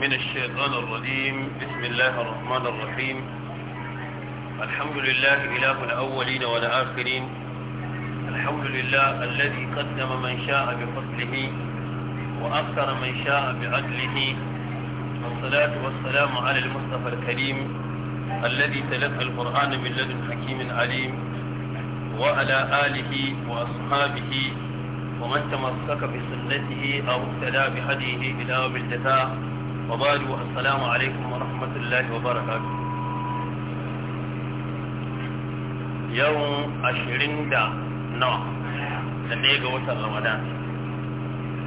من الشيطان الرجيم بسم الله الرحمن الرحيم الحمد لله إله الأولين والآخرين الحمد لله الذي قدم من شاء بفضله وأكثر من شاء بعدله والصلاة والسلام على المصطفى الكريم الذي تلقى القرآن من لدن حكيم عليم وعلى آله وأصحابه ومن تمسك بسنته أو اقتدى بهديه إلى بالدفاع وبعد السلام عليكم ورحمة الله وبركاته يوم عشرين دا نوع لنيجا وتر رمضان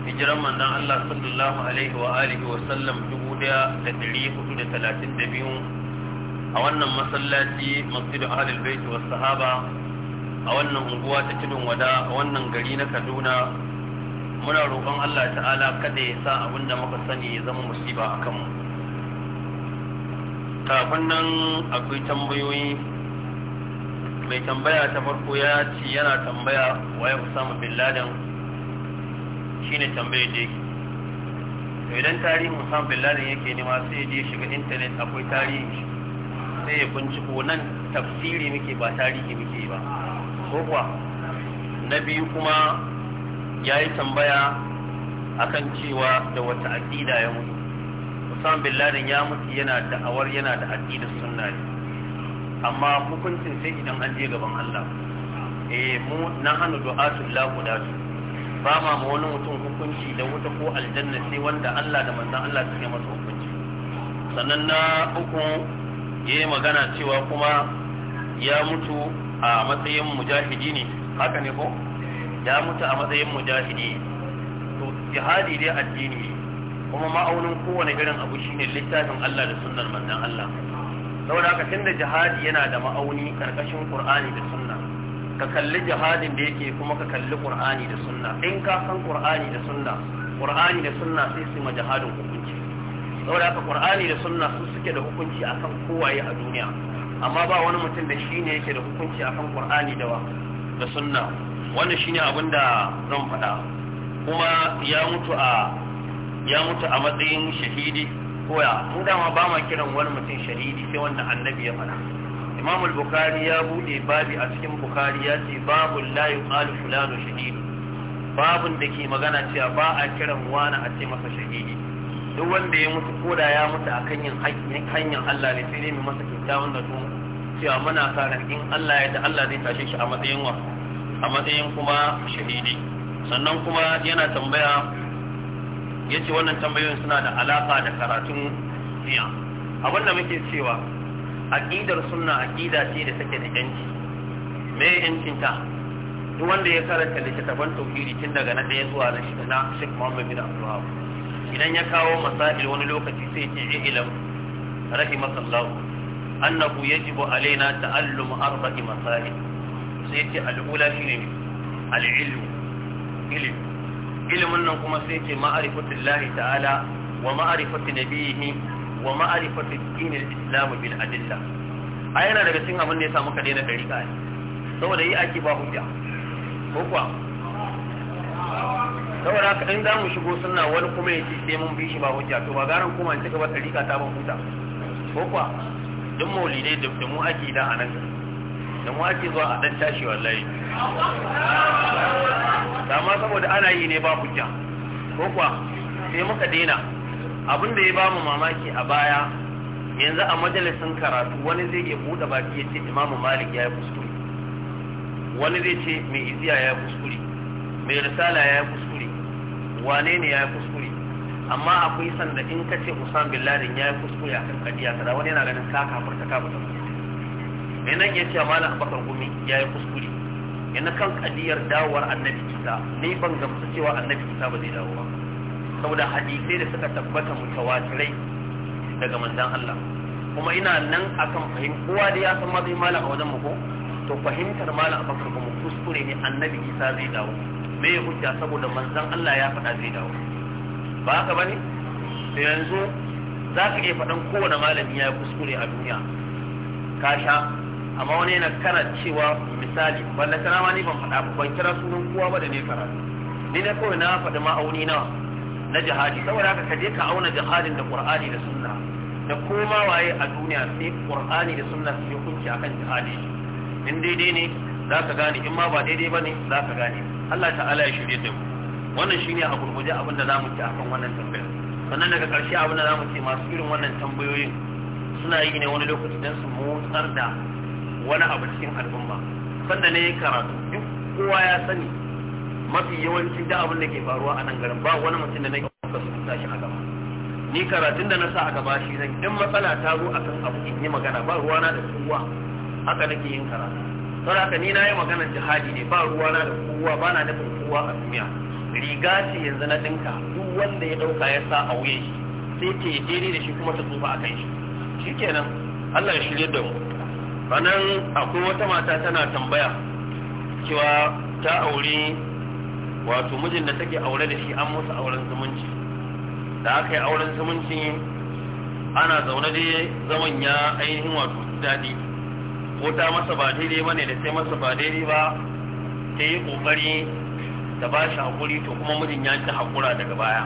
hijiran manzon Allah sallallahu alaihi wa alihi wa sallam 1432 a wannan masallaci masjid ahlul bait was sahaba a wannan unguwa ta tudun wada a wannan gari na Kaduna muna roƙon Allah ta'ala kada ya sa abin da muka sani ya zama musiba a kanmu kafin nan akwai tambayoyi mai tambaya ta farko ya ce yana tambaya wa ya usama bin laden shine tambayar da yake idan tarihin Musamman bin laden yake nema sai ya je shiga intanet akwai tarihi sai ya binciko nan tafsiri muke ba tarihi muke ba ko kuwa na biyu kuma ya yi tambaya a kan cewa da wata aƙida ya mutu Usman bin Laden ya mutu yana da'awar yana da aƙidar sunna ne amma hukuncin sai idan an je gaban Allah eh mu na hannu du'atul la su ba ma mu wani mutum hukunci da wuta ko aljanna sai wanda Allah da manzan Allah su ke masa hukunci sannan na uku yi magana cewa kuma ya mutu a matsayin mujahidi ne haka ne ko ya mutu a matsayin mujahidi to jihadi dai addini kuma ma'aunin kowane irin abu shine littafin Allah da sunnar manzon Allah saboda haka tunda jihadi yana da ma'auni karkashin Qur'ani da sunna ka kalli jihadin da yake kuma ka kalli Qur'ani da sunna in ka san Qur'ani da sunna Qur'ani da sunna sai su majahadin hukunci saboda haka Qur'ani da sunna su suke da hukunci akan kowaye a duniya amma ba wani mutum da shine yake da hukunci akan Qur'ani da da sunna wannan shine abin da zan faɗa kuma ya mutu a ya mutu a matsayin shahidi koya mu dama ba ma kiran wani mutum shahidi sai wanda annabi ya faɗa imam al-bukhari ya bude babi a cikin bukhari ya ce babu la yuqalu fulanu shahidi babun da ke magana cewa ba a kiran wani a ce masa shahidi duk wanda ya mutu ko da ya mutu a kan yin hanyar Allah ne sai ne mai masa kyakkyawan zato cewa muna sa in Allah ya da Allah zai tashe shi a matsayin wa a matsayin kuma shahidi sannan kuma yana tambaya ya ce wannan tambayoyin suna da alaƙa da karatun fiya abinda muke cewa aƙidar sunna aƙida ce da take da yanci me yancinta duk wanda ya karanta littattafan tauhidi tun daga na ɗaya zuwa na shida na Sheikh Muhammad bin Abdul idan ya kawo masail wani lokaci sai ce ilam rahimakallahu annahu yajibu alaina ta'allum arba'i masail sai ce al'ula shi ne al'ilmu ilimin nan kuma sai ce ma'arifatun lahi ta'ala wa ma'arifatun nabiyihi wa ma'arifatun dinin islamu bil adilla a yana daga cin abin da ya samu kaɗai na ɗari ƙari saboda yi ake ba hujja ko kuwa saboda haka in za mu shigo suna wani kuma ya ce sai mun bi shi ba hujja to ba garan kuma in ci gaba ɗari ta ban huta ko kuwa duk maulidai da mu ake da a nan dan wace zuwa a dan tashi wallahi amma saboda ana yi ne ba hujja ko kuwa sai muka daina abin da ya ba mu mamaki a baya yanzu a majalisin karatu wani zai iya buɗe baki ya ce imamu malik ya yi kuskure wani zai ce mai iziya ya yi kuskure mai risala ya yi kuskure wane ne ya yi kuskure amma akwai sanda in ka ce usman bin laden ya yi kuskure a kan kadiya kada wani yana ganin ka kafirta kafirta mai nan ya ce mala abakar gumi ya yi kuskure yana kan kadiyar dawowar annabi isa ne ban gamsu cewa annabi isa ba zai dawo ba saboda hadisai da suka tabbata tawatirai daga manzon Allah kuma ina nan akan fahim kowa da ya san ma zai mala a wajen mu ko to fahimtar mala abakar gumi kuskure ne annabi isa zai dawo me ya hujja saboda manzon Allah ya faɗa zai dawo ba haka bane yanzu za ka iya faɗan kowane malami ya yi kuskure a duniya ka sha amma wani yana kana cewa misali wanda kana ma ni ban faɗa ban kira sunan kowa ba da ne karatu ni na kawai na faɗi ma'auni na na jihadi saboda haka ka je ka auna jihadin da qur'ani da sunna da koma waye a duniya sai qur'ani da sunna su hukunci akan jihadi in daidai ne za ka gane in ma ba daidai ba ne za ka gane Allah ta'ala ya shirye da mu wannan shine a gurguje abin da zamu ci akan wannan tambayar sannan daga ƙarshe abin da zamu ce masu irin wannan tambayoyin suna yi ne wani lokaci don su motsar da wani abu cikin al'umma sannan ne ya karatu duk kowa ya sani mafi yawancin da abin da ke faruwa a nan garin ba wani mutum da na ɗauka su shi a gaba ni karatun da na sa a gaba shi zan in matsala ta zo akan abu in yi magana ba ruwana da kowa haka nake yin karatu sau haka ni na yi maganar jihadi ne ba ruwana da kowa ba na nufin kowa a duniya riga ce yanzu na ɗinka duk wanda ya ɗauka ya sa a wuyan shi sai yi daidai da shi kuma ta tsufa a kan shi shikenan Allah ya shirye da mu anan akwai wata mata tana tambaya cewa ta aure wato mijin da take aure da shi an musu auren zumunci da aka yi auren zumunci ana zaune da zaman ya ainihin wato daɗi ko ta masa ba daidai ba ne da sai masa ba daidai ba ta yi ƙoƙari da ba shi haƙuri to kuma mijin ya ci haƙura daga baya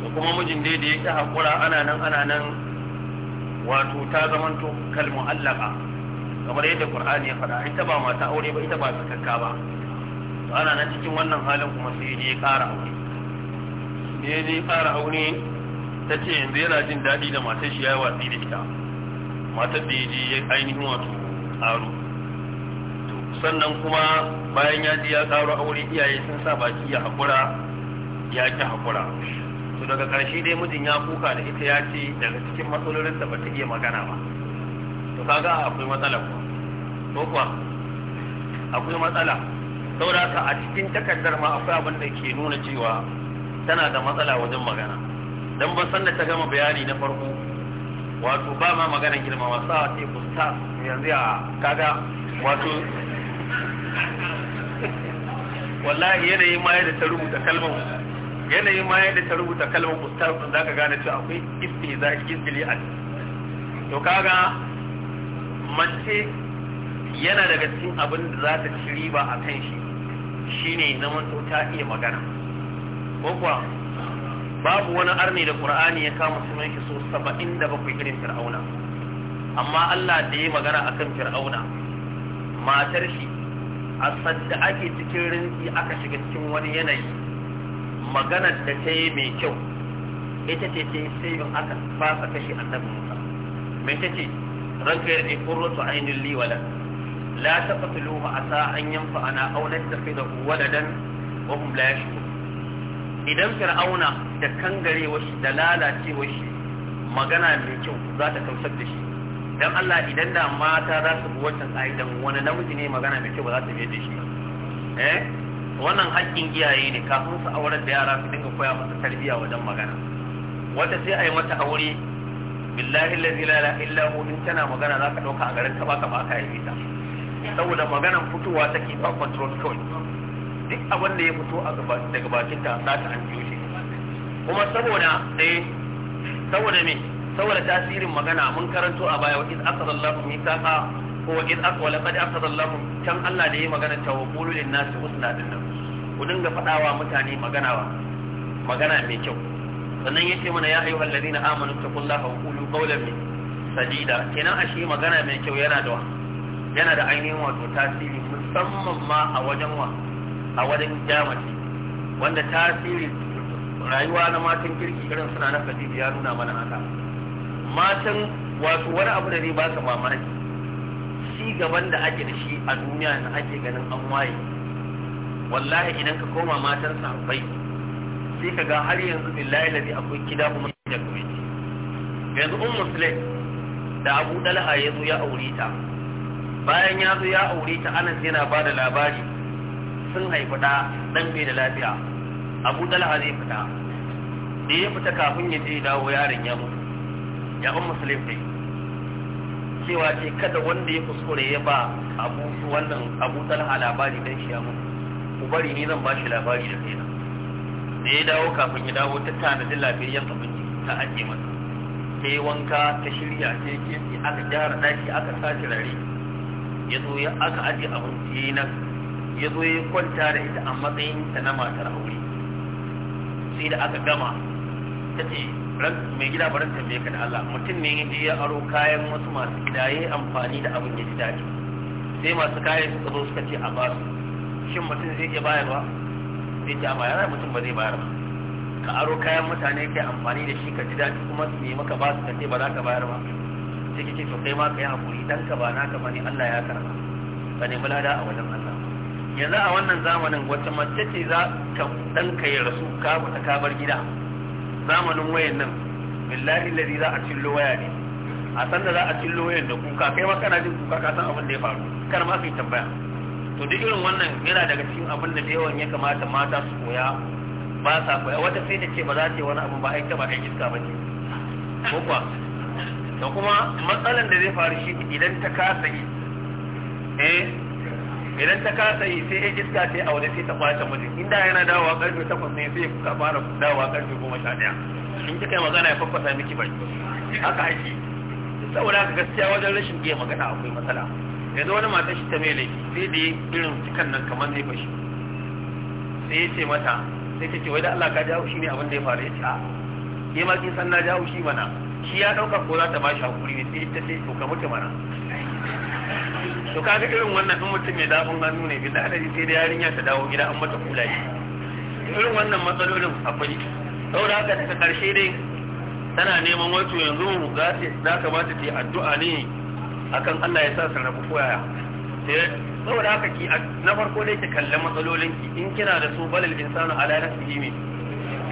to kuma mijin dai da ya ci haƙura ana nan ana nan wato ta zamanto kalmu allaka kamar yadda qur'ani ya faɗa ita ba mata aure ba ita ba sakakka ba ana nan cikin wannan halin kuma sai ya ƙara aure ya je ƙara aure ta ce yanzu yana jin daɗi da matar shi ya yi watsi da ita matar da ya je ya ainihin wato aro sannan kuma bayan ya je ya ƙaro aure iyaye sun sa baki ya haƙura ya ki haƙura to daga ƙarshe dai mijin ya kuka da ita ya ce daga cikin matsalolinsa ba ta iya magana ba kaga akwai matsala ko kuwa akwai matsala saboda a cikin takardar ma akwai abin da ke nuna cewa tana da matsala wajen magana dan ban san da ta gama bayani na farko wato ba ma maganar girmama sa ce kusta yanzu a kaga wato wallahi yanayin ma yadda ta rubuta kalmar yanayin ma yadda ta rubuta kalmar ustaz za ka gane cewa akwai istiza izgili a to kaga mace yana daga cikin abin da za ta ci riba a kan shi shine zaman to ta iya magana ko kuwa babu wani arni da qur'ani ya kama sunan shi so 77 irin fir'auna amma Allah da ya magana akan fir'auna matar shi a sadda ake cikin rinki aka shiga cikin wani yanayi magana da ta yi mai kyau ita ce ta yi sai aka fasa kashe annabi Musa mai ta ce ranka ya rade qurratu ainin li wala la taqtuluhu asa an yanfa'ana da nattakhidahu waladan wa hum la yashkurun idan fir'auna da kangarewar shi da lalacewar shi magana mai kyau za ta tausar da shi dan Allah idan da mata za su bi wancan ka'idan wani namiji ne magana mai kyau ba za ta biye da shi eh wannan haƙƙin iyaye ne kafin su aurar da yara su dinga koya masa tarbiyya wajen magana wata sai a yi mata aure billahi allazi la ilaha illa hu in tana magana zaka dauka a garin ka baka ba ka yi ta saboda maganan fitowa take ba control kawai duk abin da ya fito a gaba daga bakin ta za ta hanjo shi kuma saboda eh saboda me saboda tasirin magana mun karanto a baya wa iz aqadallahu mithaqa ko wa iz aqwala qad aqadallahu can Allah da yayi magana ta wa qulu lin nasi husna dinnan ku dinga fadawa mutane magana magana mai kyau sannan yace mana ya ayyuhallazina amanu taqullaha wa qulu qawlan sadida kenan ashe magana mai kyau yana da yana da ainihin wato tasiri musamman ma a wajen wa a wajen jamaci wanda tasiri rayuwa na matan kirki irin suna na sadida ya nuna mana haka matan wato wani abu da zai baka mamaki shi gaban da ake da shi a duniya na ake ganin an waye wallahi idan ka koma matan bai. sai ka ga har yanzu billahi lazi akwai kida kuma da kuma yanzu un musulun da abu dalha ya zo ya aure ta bayan ya zo ya aure ta anas yana ba da labari sun haifi ɗa ɗan bai da lafiya abu dalha zai fita da ya fita kafin ya je dawo yaron ya mutu ya un musulun dai cewa ce kada wanda ya kuskure ya ba abu wannan abu dalha labari dan shi ya mutu ku bari ni zan ba shi labari da kaina da ya dawo kafin ya dawo ta tanadin lafiyar abinci ta ajiye masa ta yi wanka ta shirya ta yi kesi aka gyara daki aka sa turare ya zo ya aka aje abinci ya nan ya zo ya kwanta da ita a matsayin ta na matar aure sai da aka gama ta ce mai gida barin ta mai da Allah mutum ne ya je ya aro kayan wasu masu gida ya yi amfani da abin ya ji daɗi sai masu kayan suka zo suka ce a basu shin mutum zai iya bayarwa sai ce bayar mutum ba zai bayar ba ka aro kayan mutane kai amfani da shi ka ji daɗi kuma su nemi ka ba su kace ba za ka bayar ba sai kike to kai ma ka yi hakuri dan ka ba naka bane Allah ya karba ka nemi lada a wajen Allah yanzu a wannan zamanin wata mace ce za ka dan ka yi rasu ka ta ka bar gida zamanin wayan nan billahi ladhi za a cillo waya ne a san da za a cillo wayan da kuka kai ma kana jin kuka ka san abin da ya faru kar ma kai tambaya to duk irin wannan yana daga cikin abin da da yawan ya kamata mata su koya ba sa koya wata sai da ce ba za ta yi wani abu ba aika ba kai iska ba ne ko kuwa da kuma matsalan da zai faru shi idan ta kasa yi eh idan ta kasa yi sai iska ta yi a wani sai ta kwace mutum inda yana dawowa karfe takwas ne sai ka fara dawowa karfe goma sha ɗaya in kika yi magana ya fafasa miki bai haka ake saboda ka gaskiya wajen rashin iya magana akwai matsala yanzu wani mata shi ta mele sai da irin cikan nan kamar zai fashi sai ya ce mata sai ta ce wai da Allah ka jawo shi ne abin da ya faru ya ce a ke ma kin san na jawo shi mana shi ya dauka ko za ta ba shi hakuri ne sai ta ce to ka mutu mana to ga irin wannan in mutum mai zafin hannu ne bi da hadari sai da yarinya ta dawo gida an mata kulaye irin wannan matsalolin akwai saboda haka daga karshe dai tana neman wato yanzu za ta kamata ta yi addu'a ne akan Allah ya sa su rabu koyaya saboda haka ki na farko dai ki kalli matsalolin ki in kina da su balal insanu ala nafsihi ne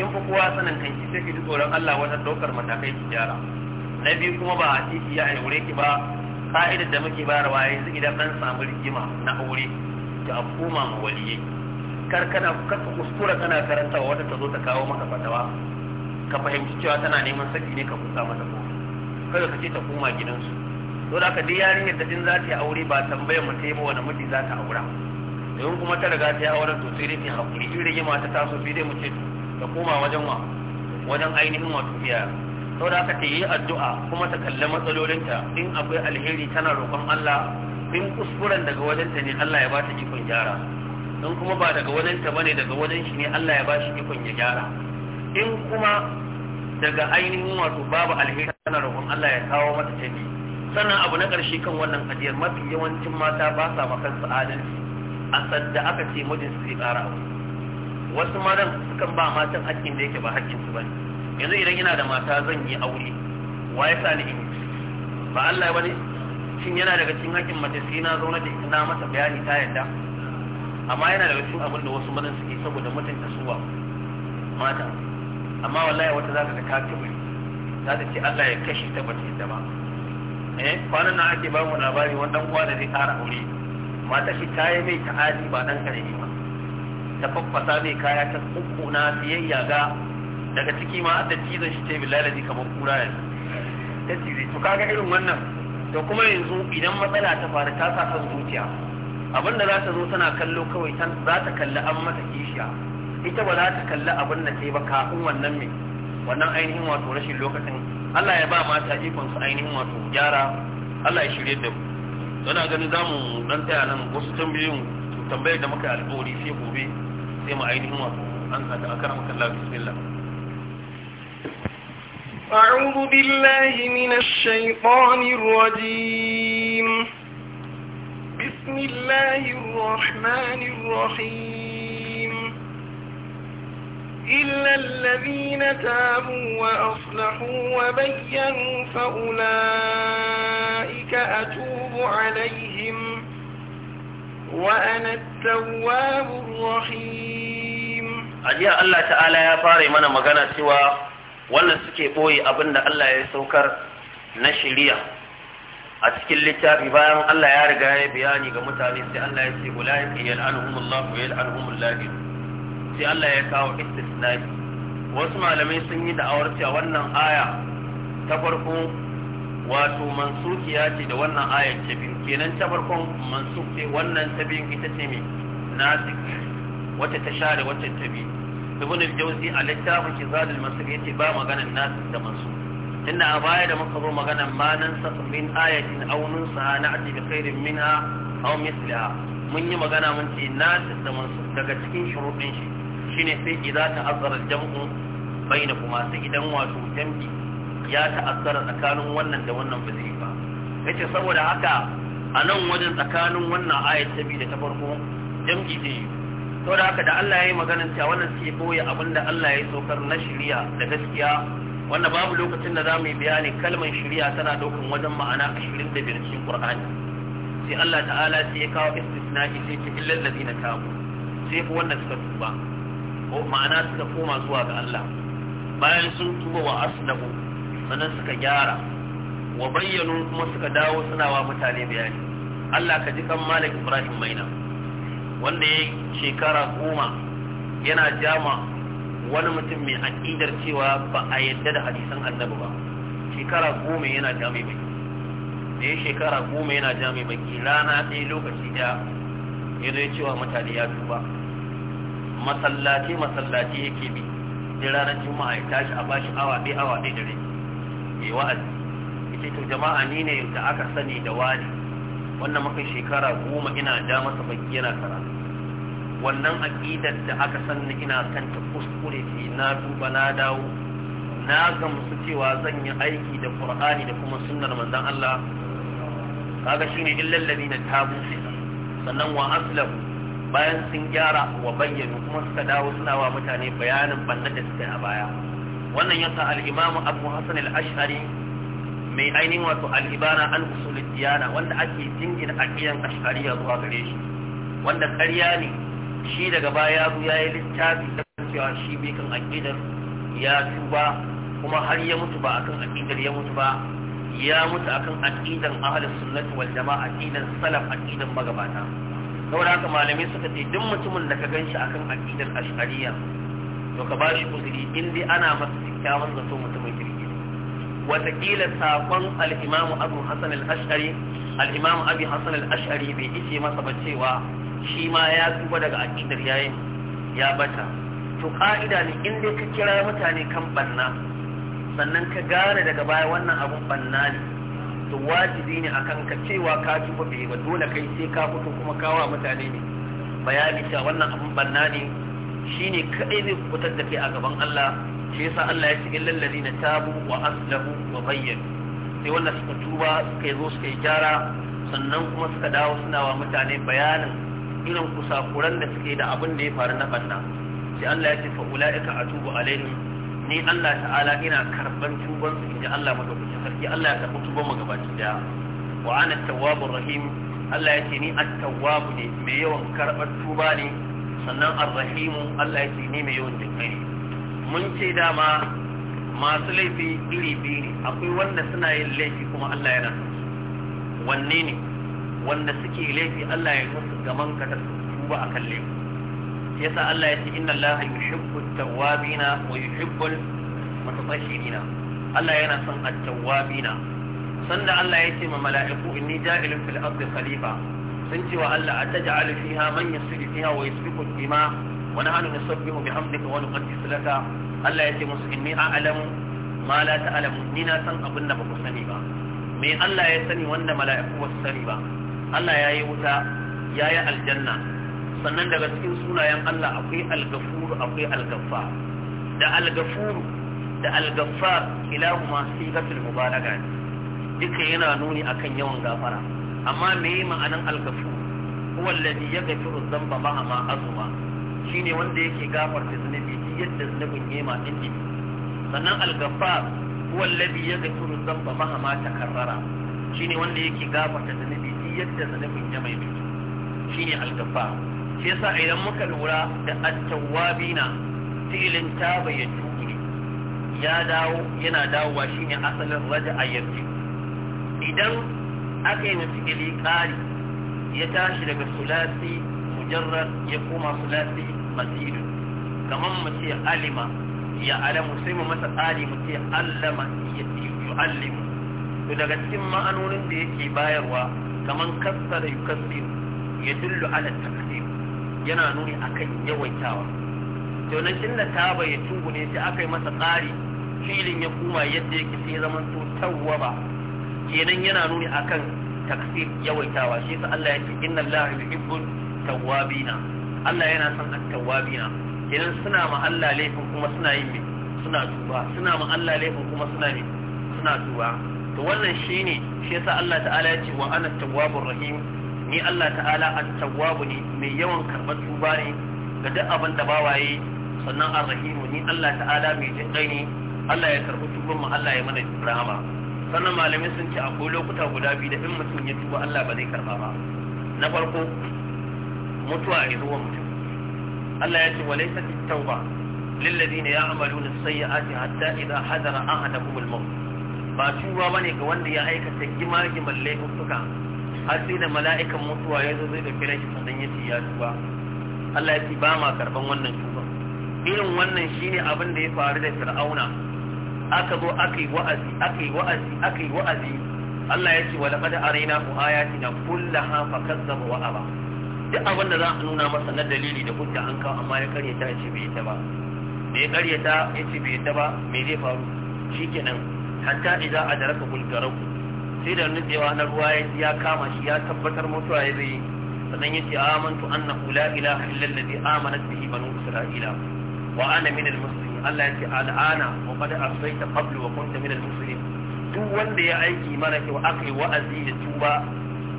in ku kowa sanin kanki sai ki ji tsoron Allah wata daukar matakai ki gyara na biyu kuma ba a titi ya aure ki ba ka'idar da muke bayarwa yanzu idan dan samu rigima na aure ki afkuma mu waliyi kar kana kar ka kuskura kana karanta wata tazo zo ta kawo maka fatawa ka fahimci cewa tana neman saki ne ka kusa mata ko kada ka ce ta koma gidansu to da ka duk yarinyar da din za ta yi aure ba tambayar mu ta yi ba wani miji za ta aura domin kuma ta riga ta yi auren to sai dai hakuri in rigima ta taso sai dai mu ce ta koma wajen wa wajen ainihin wato iyaye to da ka ta yi addu'a kuma ta kalli matsalolinta in akwai alheri tana roƙon Allah in kuskuren daga wajen ta ne Allah ya ba ta ikon gyara in kuma ba daga wajen ba ne daga wajen shi ne Allah ya ba shi ikon ya gyara in kuma daga ainihin wato babu alheri tana roƙon Allah ya kawo mata canji sannan abu na ƙarshe kan wannan hadiyar mafi yawancin mata ba sa makansu adalci a sadda aka ce su zai ƙara aure wasu madan sukan ba matan hakkin da yake ba hakkin su bane yanzu idan ina da mata zan yi aure wa ya sani in ba Allah bane shin yana daga cikin hakkin mace sai na zauna da ina mata bayani ta yadda amma yana daga cikin abin da wasu madan suke saboda mutunta su ba mata amma wallahi wata zaka ga ta ta ce Allah ya kashe ta bace da ba eh kwanan nan ake bamu labari wani dan uwa da zai kara aure mata shi ta yi mai ta'adi ba dan kare ba ta faffasa mai kaya ta uku na siyayya ga daga ciki ma da cizon shi ta da kamar kura yanzu ta cize to kaga irin wannan To kuma yanzu idan matsala ta faru ta sa son zuciya abin da za ta zo tana kallo kawai za ta kalli an mata kishiya ita ba za ta kalli abin da ta yi ba kafin wannan mai wannan ainihin wato rashin lokacin Allah ya ba mata ikon su ainihin wato gyara Allah ya shirye da mu don a ganin zamu dan taya nan wasu tambayoyin tambayar da muka alƙawari sai gobe sai mu ainihin wato an sa ta akara maka Allah bismillah أعوذ بالله من الشيطان الرجيم بسم الله الرحمن الرحيم إلا الذين تابوا وأصلحوا وبينوا فأولئك أتوب عليهم وأنا التواب الرحيم أجياء الله تعالى يا فاري من مغانا سوى wannan suke ɓoye abin da Allah ya saukar na shiriya a cikin littafi bayan Allah ya riga ya bayani ga mutane sai Allah ya sai Allah ya kawo istisnai wasu malamai sun yi da'awar cewa wannan aya ta farko wato mansukiya ce da wannan ayar ta biyu kenan ta farkon mansuk wannan ta biyun ita ce mai nasik wata ta share wacce ta biyu ibn al-jawzi a littafin kizalul masir yace ba maganar nasik da mansuk inda a baya da muka zo maganar ma nan sasa min ayatin aw nunsaha na'ti bi khairin minha aw misliha mun yi magana mun ce nasik da mansuk daga cikin shuruɗin shi shine sai idan ta'azzara al-jam'u kuma sai idan wato jam'i ya ta'azzara tsakanin wannan da wannan ba zai ba yace saboda haka a nan wajen tsakanin wannan ayat ta biyu da ta farko jam'i zai yi saboda haka da Allah ya yi maganin cewa wannan sai boye abinda Allah ya yi sokar na shari'a da gaskiya wanda babu lokacin da za mu yi bayani kalmar shari'a tana daukan wajen ma'ana 25 cikin Qur'ani sai Allah ta'ala sai ya kawo istisna'i sai ta illal ladina tabu sai fa wannan suka tuba ma'ana suka koma zuwa ga Allah bayan sun tuba wa aslahu sannan suka gyara wa bayyanu kuma suka dawo suna wa mutane bayani Allah ka ji kan Malik Ibrahim Maina wanda ya shekara goma yana jama wani mutum mai aƙidar cewa ba a yadda da hadisan annabi ba shekara goma yana jami mai da ya shekara goma yana jami baki rana ɗaya lokaci da ya zai cewa mutane ya tuba masallaci masallaci yake bi sai ranar juma'a ya tashi a bashi awa ɗaya awa ɗaya da rai ya wa'azi yace to jama'a ni ne da aka sani da wani wannan mafi shekara goma ina da masa baki yana karatu wannan aqidar da aka sani ina kanta kuskure ce na duba na dawo na gamsu cewa zan yi aiki da qur'ani da kuma sunnar manzon Allah kaga shine illal ladina tabu sannan wa aslahu bayan sun gyara wa bayyana kuma suka dawo suna wa mutane bayanin bannan da suka yi a baya wannan ya sa al'imamu abu hassan al'ashari mai ainihin wato al'ibana an usulun diyana wanda ake jingina aƙiyan ashariya zuwa gare shi wanda ƙarya ne shi daga baya ya yi littafi da cewa shi bai kan aƙidar ya tuba kuma har ya mutu ba akan aƙidar ya mutu ba ya mutu akan aƙidar ahalus sunnati wal jama'a aƙidar salaf aƙidar magabata saboda haka malamai suka ce duk mutumin da ka gan shi akan aqidar ash'ariyya to ka bashi uzuri in dai ana masa kyakkyawan zato mutumin kirki Wataƙila saƙon al-imam abu hasan al-ash'ari al-imam abi hasan al-ash'ari bai ice masa ba cewa shi ma ya tuba daga aqidar yayin ya bata to ka'ida ne in dai ka kira mutane kan banna sannan ka gane daga baya wannan abun banna ne to wajibi ne akan ka cewa ka tuba bai ba dole kai sai ka fito kuma kawa mutane ne bayani cewa wannan abin banna ne shine kadai zai kubutar da kai a gaban Allah shi yasa Allah ya ce illal ladina tabu wa aslahu wa bayyin sai wannan suka tuba suka zo suka yi gyara sannan kuma suka dawo suna wa mutane bayanin irin kusakuran da suke da abin da ya faru na banna sai Allah ya ce fa ulaika atubu alaihim ni Allah ta'ala ina karban tuban su inda Allah madaukakin sarki Allah ya karbi tuban mu gabaki Da wa ana tawwabur rahim Allah yake ni at-tawwab ne mai yawan karbar tuba ne sannan ar-rahim Allah yake ni mai yawan dinkai mun ce dama masu laifi iri biyu ne akwai wanda suna yin laifi kuma Allah yana wanne ne wanda suke laifi Allah ya musu gaman kadar tuba akan laifi yasa Allah ya ce inna Allah yuhibbu at-tawwabina wa yuhibbu al-mutatahhirina Allah yana son at-tawwabina sanda Allah ya ce ma mala'iku inni ja'ilun fil ardi khalifa sun ce wa Allah ataj'al fiha man yusri fiha wa yasbiqu dima wa nahnu nusabbihu bihamdika wa nuqaddisu laka Allah ya ce musu inni a'lamu ma la ta'lamu ni na san abin da ba ku sani ba me Allah ya sani wanda mala'iku ba sani ba Allah ya yi wuta ya yi aljanna sannan daga cikin sunayen Allah akwai al-ghafur akwai al-ghaffar da al-ghafur da al-ghaffar kilahuma sigatul mubalaga ne duka yana nuni akan yawan gafara amma me ma'anin al-ghafur huwa ya gafi dhanba ma'a ma azuma, shi ne wanda yake gafarta zunubi yadda zunubin yema ma inji. sannan al-ghaffar huwa ya gafi dhanba ma'a ma takarrara ne wanda yake gafarta zunubi yadda zunubin ya mai shine al-ghaffar shi yasa idan muka lura da at-tawwabina fi'ilin taba ya tuki ya dawo yana dawowa shine asalin raja'a yarji idan aka yi mafi fi'ili ƙari ya tashi daga sulasi mujarrad ya koma sulasi masil kamar mu ce alima ya alamu sai mu masa tsari mu ce allama ya Alimu. to daga cikin ma'anonin da yake bayarwa kamar kaman kassara yukassim yadullu ala takallum yana nuni akan yawaitawa to na da ta bai tubu ne sai aka yi masa tsari filin ya kuma yadda yake sai zaman to tawwaba kenan yana nuni akan taksir yawaitawa shi yasa Allah yake inna Allaha yuhibbul tawwabina Allah yana son at-tawwabina kenan suna ma Allah laifin kuma suna yin me suna tuba suna ma Allah laifin kuma suna me suna tuba to wannan shine shi yasa Allah ta'ala ya ce wa ana tawwabur rahim ni Allah ta'ala at-tawwabu ne mai yawan karɓar tuba ne ga duk abin da bawaye sannan an rahimu ni Allah ta'ala mai jin kai ne Allah ya karɓi tuban mu Allah ya mana rahama sannan malamai sun ce akwai lokuta guda biyu da in mutum ya tuba Allah ba zai karɓa ba na farko mutuwa a ruwan mutum Allah ya ce walaysa at-tawba للذين يعملون السيئات حتى إذا حضر أحدهم الموت ba tuba bane ga wanda ya aikata gima-giman laifuka har sai da mala'ikan mutuwa ya zo zai dauke da shi sannan ya ce ya tuba Allah ya ce ba ma karban wannan tuba irin wannan shine abin da ya faru da fir'auna aka zo aka yi wa'azi aka yi wa'azi aka yi wa'azi Allah ya ce wa laqad arayna hu ayatina kullaha fakazzaba wa aba duk abin da za a nuna masa na dalili da hujja an kawo amma ya karyata ya ce bai ta ba Me ya karyata ya ce bai ta ba me zai faru shikenan hatta idza adraka bulgaraku sai da nutsewa na ruwa ya kama shi ya tabbatar mutuwa ya zai sannan ya ce amantu annahu la ilaha illa Amana, amanat bihi banu isra'ila wa ana min almuslimin Allah ya ce al'ana wa qad asbayta qablu wa kunta min musulmi. duk wanda ya aiki mana kyau aka yi wa'azi da tuba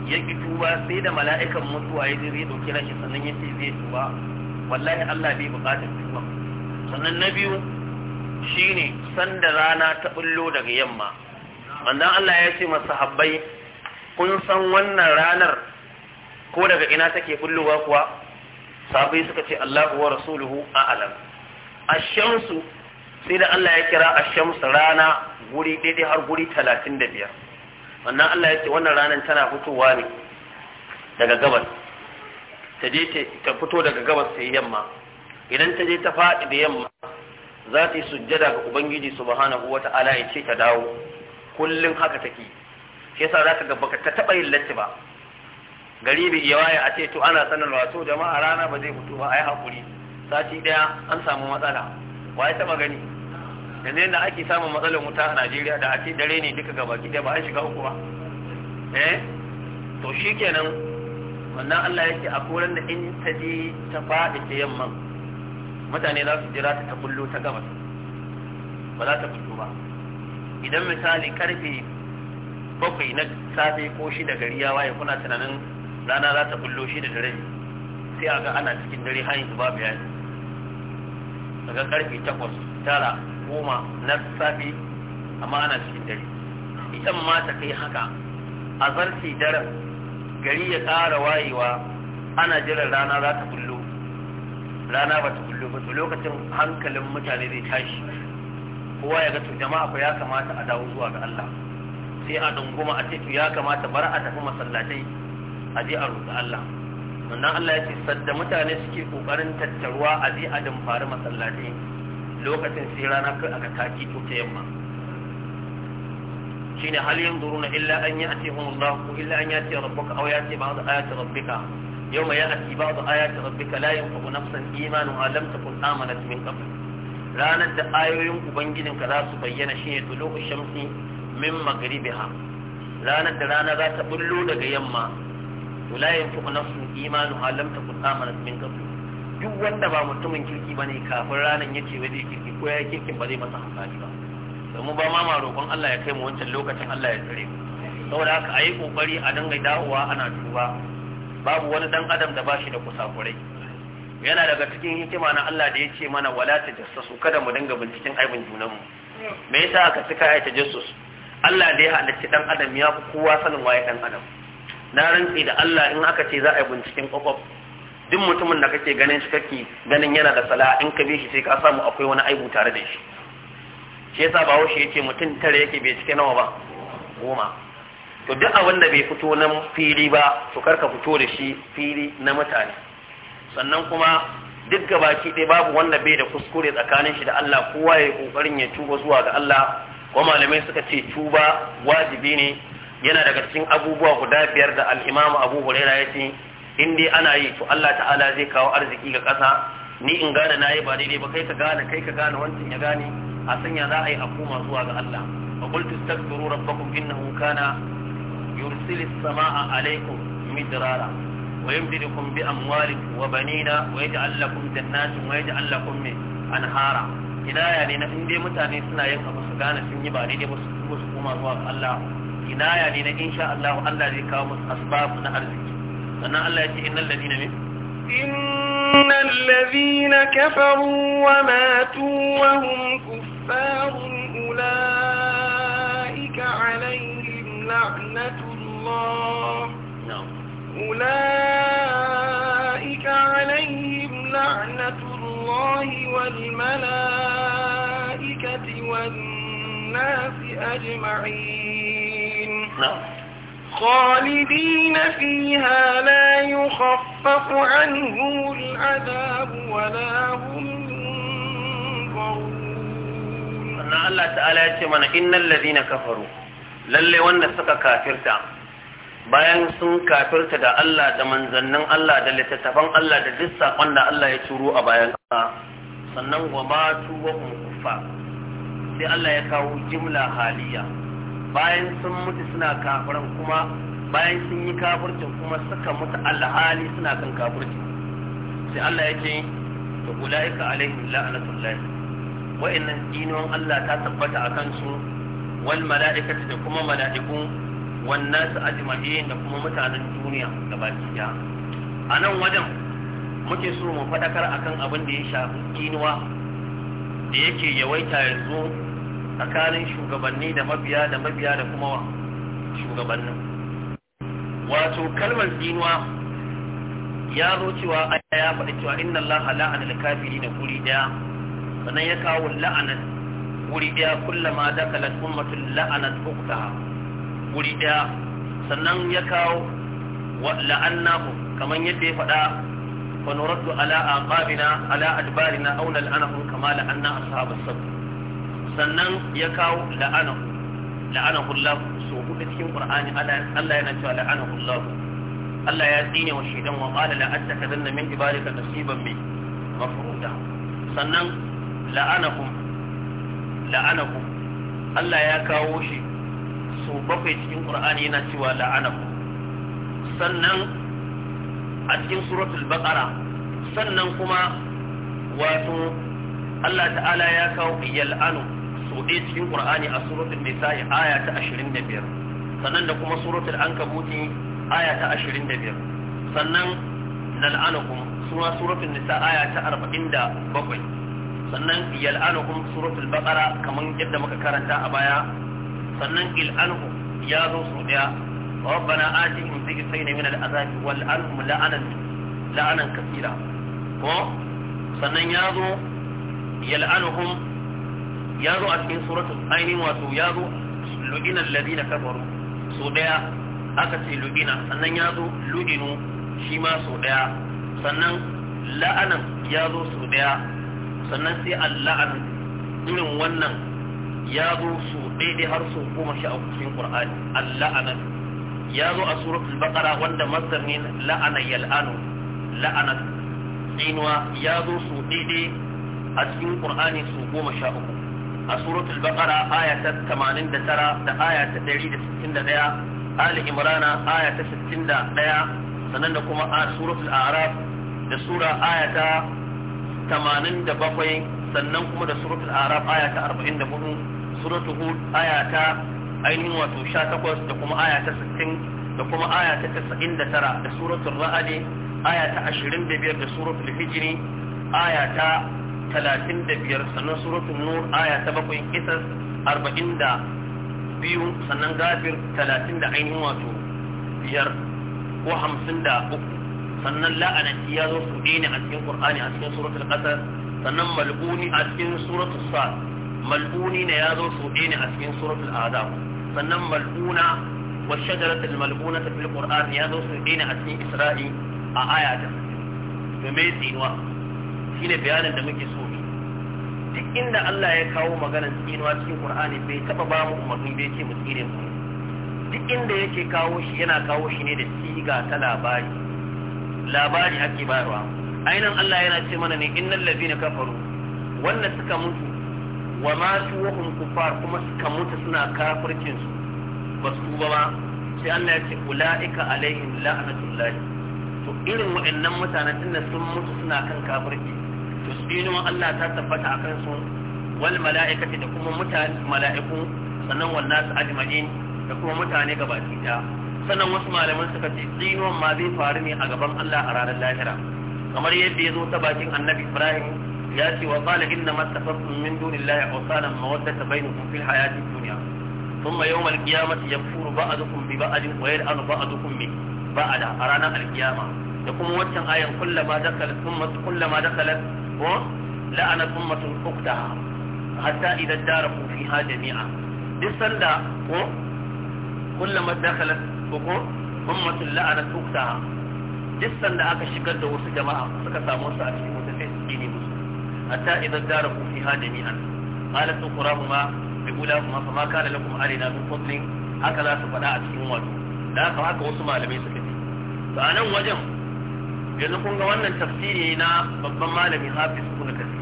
ya ki tuba sai da mala'ikan mutuwa ya zai dauke na shi sannan ya ce zai tuba wallahi Allah bai bukatar tuba sannan na biyu shine sanda rana ta bullo daga yamma manzon Allah ya ce habbai kun san wannan ranar ko daga ina take kulluwa kuwa sahabbai suka ce Allahu wa rasuluhu a'lam ash-shamsu sai da Allah ya kira ash-shamsu rana guri daidai har guri 35 wannan Allah ya ce wannan ranar tana fitowa ne daga gabas ta je ta fito daga gabas ta yamma idan ta je ta faɗi da yamma za ta yi sujjada ga ubangiji subhanahu wata'ala ya ce ta dawo kullum haka take shi yasa zaka ga baka ta taba yin latti ba gari bai iya waye a ce to ana sanar wa to jama'a rana ba zai fito ba ai hakuri sati daya an samu matsala wa ya taba gani yanzu yadda ake samun matsalar wuta a Najeriya da a ce dare ne duka gaba gida ba an shiga uku ba eh to shikenan wannan Allah yake a koran da in ta je ta faɗi ta yamma mutane za su jira ta ta ta gabas ba za ta fito ba idan misali karfe bakwai na safe ko shida gari ya waye kuna tunanin rana za ta bullo shi da dare sai a ga ana cikin dare har yanzu babu daga karfe takwas tara goma na safe amma ana cikin dare idan ma ta kai haka a zarce dare gari ya ƙara wayewa ana jiran rana za ta bullo rana ba ta bullo ba lokacin hankalin mutane zai tashi kowa ya ga to jama'a ko ya kamata a dawo zuwa ga Allah sai a dunguma a ce to ya kamata bar a tafi masallatai a je a roƙi Allah wannan Allah ya ce sadda mutane suke kokarin tattaruwa a je a dumfari masallatai lokacin sai rana kai aka taki to ta yamma shine hal yanzuruna illa an ya'tihum Allah ko illa an ya'ti rabbuka aw ya'ti ba'd ayati rabbika yawma ya'ti ba'd ayati rabbika la yanfa'u nafsan imanuha lam takun amanat min qabl ranar da ayoyin ubangijinka za su bayyana shine tulu shamsi min magribiha ranar da rana za ta bullo daga yamma to la yanfu nafsu imanu halam ta kun amana min kafu duk wanda ba mutumin kirki bane kafin ranar yace wai zai kirki ko ya kirkin ba zai masa hankali ba mu ba ma ma roƙon Allah ya kai mu wancan lokacin Allah ya tsare mu saboda haka ayi kokari a dinga dawowa ana tuba babu wani dan adam da bashi da kusakurai yana daga cikin hikima na Allah da ya ce mana wala ta jassasu kada mu dinga binciken aibin junanmu me yasa aka cika ta jassus Allah da ya halicci dan adam ya fi kowa sanin waye dan adam na rantsi da Allah in aka ce za a yi binciken kwakwaf duk mutumin da kake ganin shi kake ganin yana da sala in ka bi shi sai ka samu akwai wani aibu tare da shi shi yasa ba ya ce mutum tare yake bai cike nawa ba goma to duk abin da bai fito na fili ba to karka fito da shi fili na mutane sannan kuma duk gabaki ɗaya babu wanda bai da kuskure tsakanin shi da Allah kowa ya kokarin ya tuba zuwa ga Allah ko malamai suka ce tuba wajibi ne yana daga cikin abubuwa guda biyar da al-Imam Abu Hurairah ya ce in dai ana yi to Allah ta'ala zai kawo arziki ga ƙasa ni in gane na yi ba daidai ba kai ka gane kai ka gane wancan ya gane a sanya za a yi akuma zuwa ga Allah wa qul tastaghfiru rabbakum innahu kana yursilis samaa alaykum midrara ويمددكم بأموالكم وبنين ويجعل لكم جنات ويجعل لكم أنهارا kinaya ne na inda mutane suna yin abu su gane sun yi ba daidai ba su koma zuwa ga Allah kinaya ne na insha Allah Allah zai kawo musu asbab na arziki sannan Allah ya ce innal ladina min innal ladina kafaru wa matu wa hum kuffarun ulaika alaihim la'natullah na'am أولئك عليهم لعنة الله والملائكة والناس أجمعين نعم. خالدين فيها لا يخفف عنهم العذاب ولا هم ينظرون الله تعالى يقول إن الذين كفروا للي ونسك كافرتا bayan sun kafirta da Allah da manzannin Allah da littattafan Allah da duk saƙon da Allah ya turo a bayan ƙasa sannan wa matu wa kufa sai Allah ya kawo jimla haliya bayan sun mutu suna kafiran kuma bayan sun yi kafircin kuma suka mutu alhali suna kan kafirci sai Allah ya ce to ulaika alaihim la'natullah wa'annan dinon Allah ta tabbata akan su wal mala'ikatu da kuma mala'iku wannan su ajma'in da kuma mutanen duniya gabaki daya a nan wajen muke so mu faɗakar akan abin da ya shafi kinuwa da yake yawaita yanzu tsakanin shugabanni da mabiya da mabiya da kuma shugabannin wato kalmar tsinuwa ya zo cewa aya ya faɗi cewa inna laha la'ana al-kafiri da guri daya sannan ya kawo la'anar ɗaya daya kullama dakalat ummatul la'anat uktaha wuri ɗaya sannan ya kawo la'annahu kamar yadda ya faɗa fa nuraddu ala aqabina ala adbarina aw nal'anahum kama la'anna ashabas sabt sannan ya kawo la'anahu la'anahu Allah so hudu cikin Qur'ani Allah yana cewa la'anahu Allah Allah ya tsine wa shaidan wa qala la'attakadanna min ibadika nasiban bi mafruda sannan la'anakum la'anakum Allah ya kawo shi so bakwai cikin qur'ani yana cewa la'anaku sannan a cikin suratul baqara sannan kuma wato Allah ta'ala ya kawo yal'anu so ɗaya cikin qur'ani a suratul nisa'i aya ta 25 sannan da kuma suratul ankabuti aya ta 25 sannan nal'anukum suna suratul nisa aya ta 47 sannan yal'anukum suratul baqara kaman yadda muka karanta a baya sannan il'anhu ya zo su daya ربنا آتهم ضعفين من العذاب والعنهم لعنا لعنا Ko sannan ya zo yal'anuhum ya zo a cikin suratul ainihin wato ya zo lu'ina alladhina kafaru so ɗaya aka ce lu'ina sannan ya zo lu'inu shi ma so ɗaya, sannan la'anan ya zo so ɗaya, sannan sai al-la'an irin wannan ya zo su. daidai har su goma sha uku cikin Qur'ani al-la'ana ya zo a suratul baqara wanda masdar ne la'ana yal'anu la'ana tsinuwa ya zo su daidai a cikin Qur'ani su goma sha uku a suratul baqara aya ta 89 da da aya ta 161 ali imrana aya ta 61 sannan da kuma a suratul a'raf da sura aya ta bakwai sannan kuma da suratul a'raf aya ta 44 suratu hud aya ta ainihin wato sha takwas da kuma aya ta 60 da kuma aya ta 99 da tara suratul ra'd aya ta ashirin da biyar da suratul hijri aya ta biyar sannan suratul nur aya ta 7 kisas biyu sannan gafir talatin da ainihin wato biyar ko hamsin da uku sannan la'anati ya zo su daina a cikin qur'ani a cikin suratul qasas sannan mal'uni a cikin suratul sa mal'uni ne ya zo su ɗaya ne a cikin suratul azab sannan mal'una wa shajaratul mal'una ta fil qur'an ya zo su ɗaya ne a cikin isra'i a ayata to me tsinuwa shine bayanin da muke so duk inda Allah ya kawo maganar tsinuwa cikin qur'ani bai taba ba mu umarni bai ce mu tsire mu duk inda yake kawo shi yana kawo shi ne da siga ta labari labari ake bayarwa ainihin Allah yana ce mana ne innal ladina kafaru wanda suka mutu wa matu wa hum kufar kuma suka mutu suna kafircin su ba su tuba ba sai Allah ya ce ulaika alaihim la'natullahi to irin waɗannan mutanen din sun mutu suna kan kafirci to tsinuwa Allah ta tabbata akan su wal mala'ikati da kuma mutane mala'iku sannan wannan nasu ajma'in da kuma mutane gabaki daya sannan wasu malaman suka ce tsinuwan ma zai faru ne a gaban Allah a ranar lahira kamar yadda ya zo ta bakin annabi Ibrahim ya ce wa qala inna mattafatum min dunillahi awsanan mawaddata bainakum fil hayati dunya thumma yawm al-qiyamati yakfuru ba'dukum bi ba'din wa yal'anu ba'dukum bi ba'da a ranar al-qiyama da kuma waccan ayan kullama dakalat thumma kullama dakalat wa la'ana ummatun uqtaha hatta idza daraku fiha jami'a duk sanda ko kullama dakalat ko ummatun la'anat uqtaha duk sanda aka shigar da wasu jama'a suka samu su a cikin hatta idan daraku fiha jami'an qalat uqrahuma bi ulahuma fama kana lakum alaina min fadlin haka za su faɗa a cikin wato da haka haka wasu malamai suka ce nan wajen yanzu kun ga wannan tafsiri na babban malami hafiz ibn kasir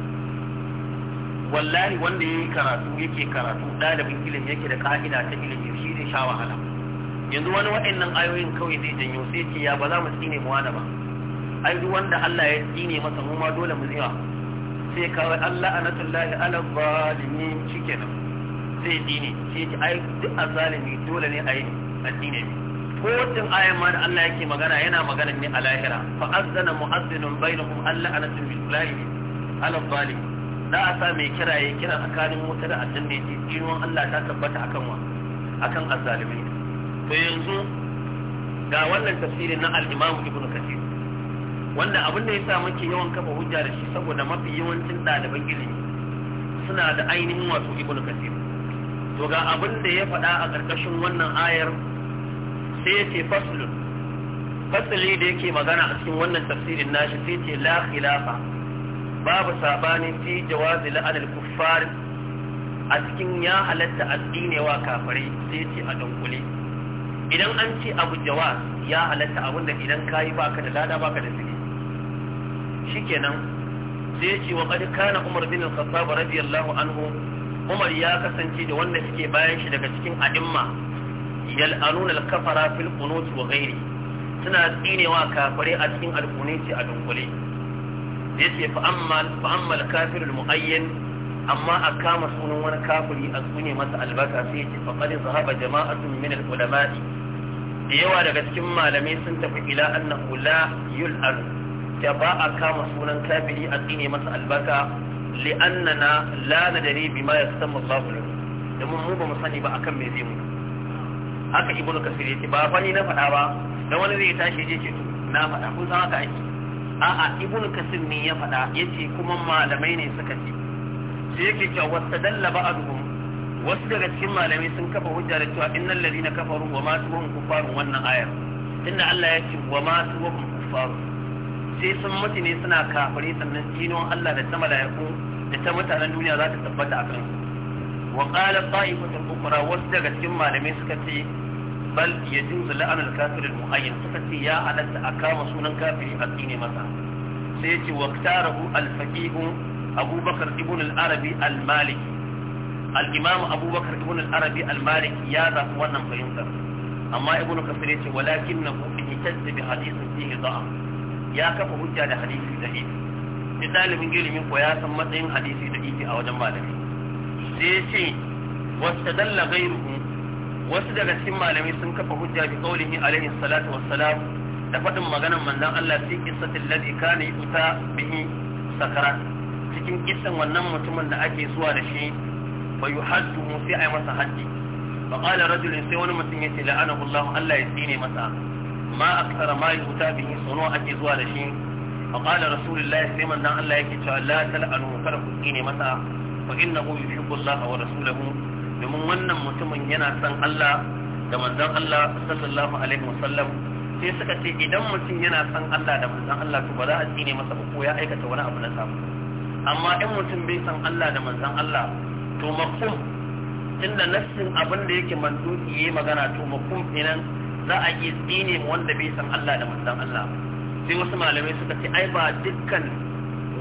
wallahi wanda yayi karatu yake karatu dalibin ilimi yake da ka'ida ta ilimi shi ne sha wahala yanzu wani wa'annan ayoyin kawai zai janyo sai ce ya ba za mu tsine mu wani ba ai duk wanda Allah ya tsine masa mu ma dole mu tsira sai kawai Allah anatullahi ala zalimi shikenan sai dini sai ji ai duk a zalimi dole ne ai addini ne ko wannan ayan ma da Allah yake magana yana magana ne a lahira fa azzana mu'azzinun bainahum Allah anatullahi ala zalimi da a sa mai kira ya kira tsakanin wuta da aljanna ya ce dinuwan Allah ta tabbata akan wa akan azzalimi to yanzu ga wannan tafsirin na al-Imam Ibn Kathir wanda abin da ya sa muke yawan kafa hujja da shi saboda mafi yawancin ɗaliban ilimi suna da ainihin wato ibn kasir to ga abin da ya faɗa a ƙarƙashin wannan ayar sai ya ce faslun fasali da yake magana a cikin wannan tafsirin nashi sai ce la khilafa babu sabani fi jawazi la'an al-kuffar a cikin ya halatta addini wa kafare sai ce a dunkule idan an ce abu jawaz ya halatta abin da idan kayi baka da lada baka da sigi shikenan sai ya ce wa qad kana umar bin al-khattab radiyallahu anhu umar ya kasance da wanda suke bayan shi daga cikin a'imma yal'anun al-kafara fil qunut wa ghairi suna tsinewa kafare a cikin al a dunkule Sai fa fa amma al-kafir al-muayyan amma a kama sunan wani kafiri a tsune masa albaka sai yace fa qad zahaba jama'atun min al-ulama'i da yawa daga cikin malamai sun tafi ila annahu la yul'anu da ba a kama sunan kafiri a tsine masa albarka li'annana la nadari bima yasamma Allah lahu domin mu ba mu sani ba akan me zai mu haka ibnu kasir yace ba fani na faɗa ba dan wani zai tashi yace to na faɗa ko san haka ake a'a ibnu kasir ne ya faɗa yace kuma malamai ne suka ce sai yake cewa wastadalla ba'dhum wasu daga cikin malamai sun kafa hujja da cewa innal ladina kafaru wa ma tuwahum kuffarun wannan ayar inda Allah ya ce wa ma tuwahum kuffarun sai sun mutu suna kafare sannan jinon Allah da ta malayaku da ta mutanen duniya za ta tabbata a kansu wa qala ta'ifatun ukhra wasu daga cikin malamai suka ce bal yajuzu la'anul kafir al mu'ayyan suka ce ya halatta a kama sunan kafiri a tsine masa sai yace wa ktarahu al faqih abubakar ibn al arabi al maliki al imam abubakar ibn al arabi al maliki ya zafi wannan fahimtar amma ibn kasir yace walakinahu ihtajja bi hadithin fihi da'af ya kafa hujja da hadisi da ifi shi dalibin ilimin ko ya san matsayin hadisi da ifi a wajen malami sai ya ce wasu dalla gairuhu wasu daga cikin malamai sun kafa hujja bi qaulihi alaihi salatu wassalam da faɗin maganar manzon Allah fi qissatil ladhi kana yuta bihi sakarat cikin kissan wannan mutumin da ake zuwa da shi fa yuhaddu sai ai masa haddi fa qala rajulun sai wani mutum yace la'anahu Allah Allah ya tsine masa ما أكثر ما يؤتى به صنوع الجزوى لشين فقال رسول الله سيما أن الله يكتشى لا تلعنوا كرف الدين متى فإنه يحب الله ورسوله domin wannan mutumin yana son Allah da manzon Allah sallallahu alaihi wasallam sai suka ce idan mutum yana son Allah da manzon Allah to ba za a tsine masa ba ya aikata wani abu na samu amma in mutum bai son Allah da manzon Allah to mafhum inda nassin abin da yake manduki yayi magana to za a yi dini mu wanda bai san Allah da manzon Allah sai wasu malamai suka ce ai ba dukkan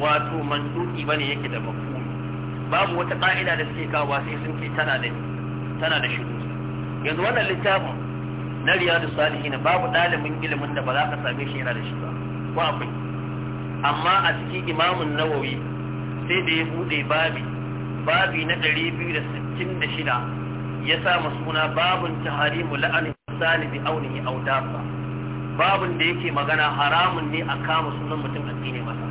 wato manduki bane yake da mafu babu wata ka'ida da suke kawo sai sun ce tana da tana da shi yanzu wannan littafin na riyadu salihin babu dalibin ilimin da ba za ka same shi yana da shi ba ko akwai amma a cikin imamun nawawi sai da ya bude babi babi na 266 ya sa suna babun taharimu la'anin insani bi aunihi au dabba babun da yake magana haramun ne a kama sunan mutum a tsine masa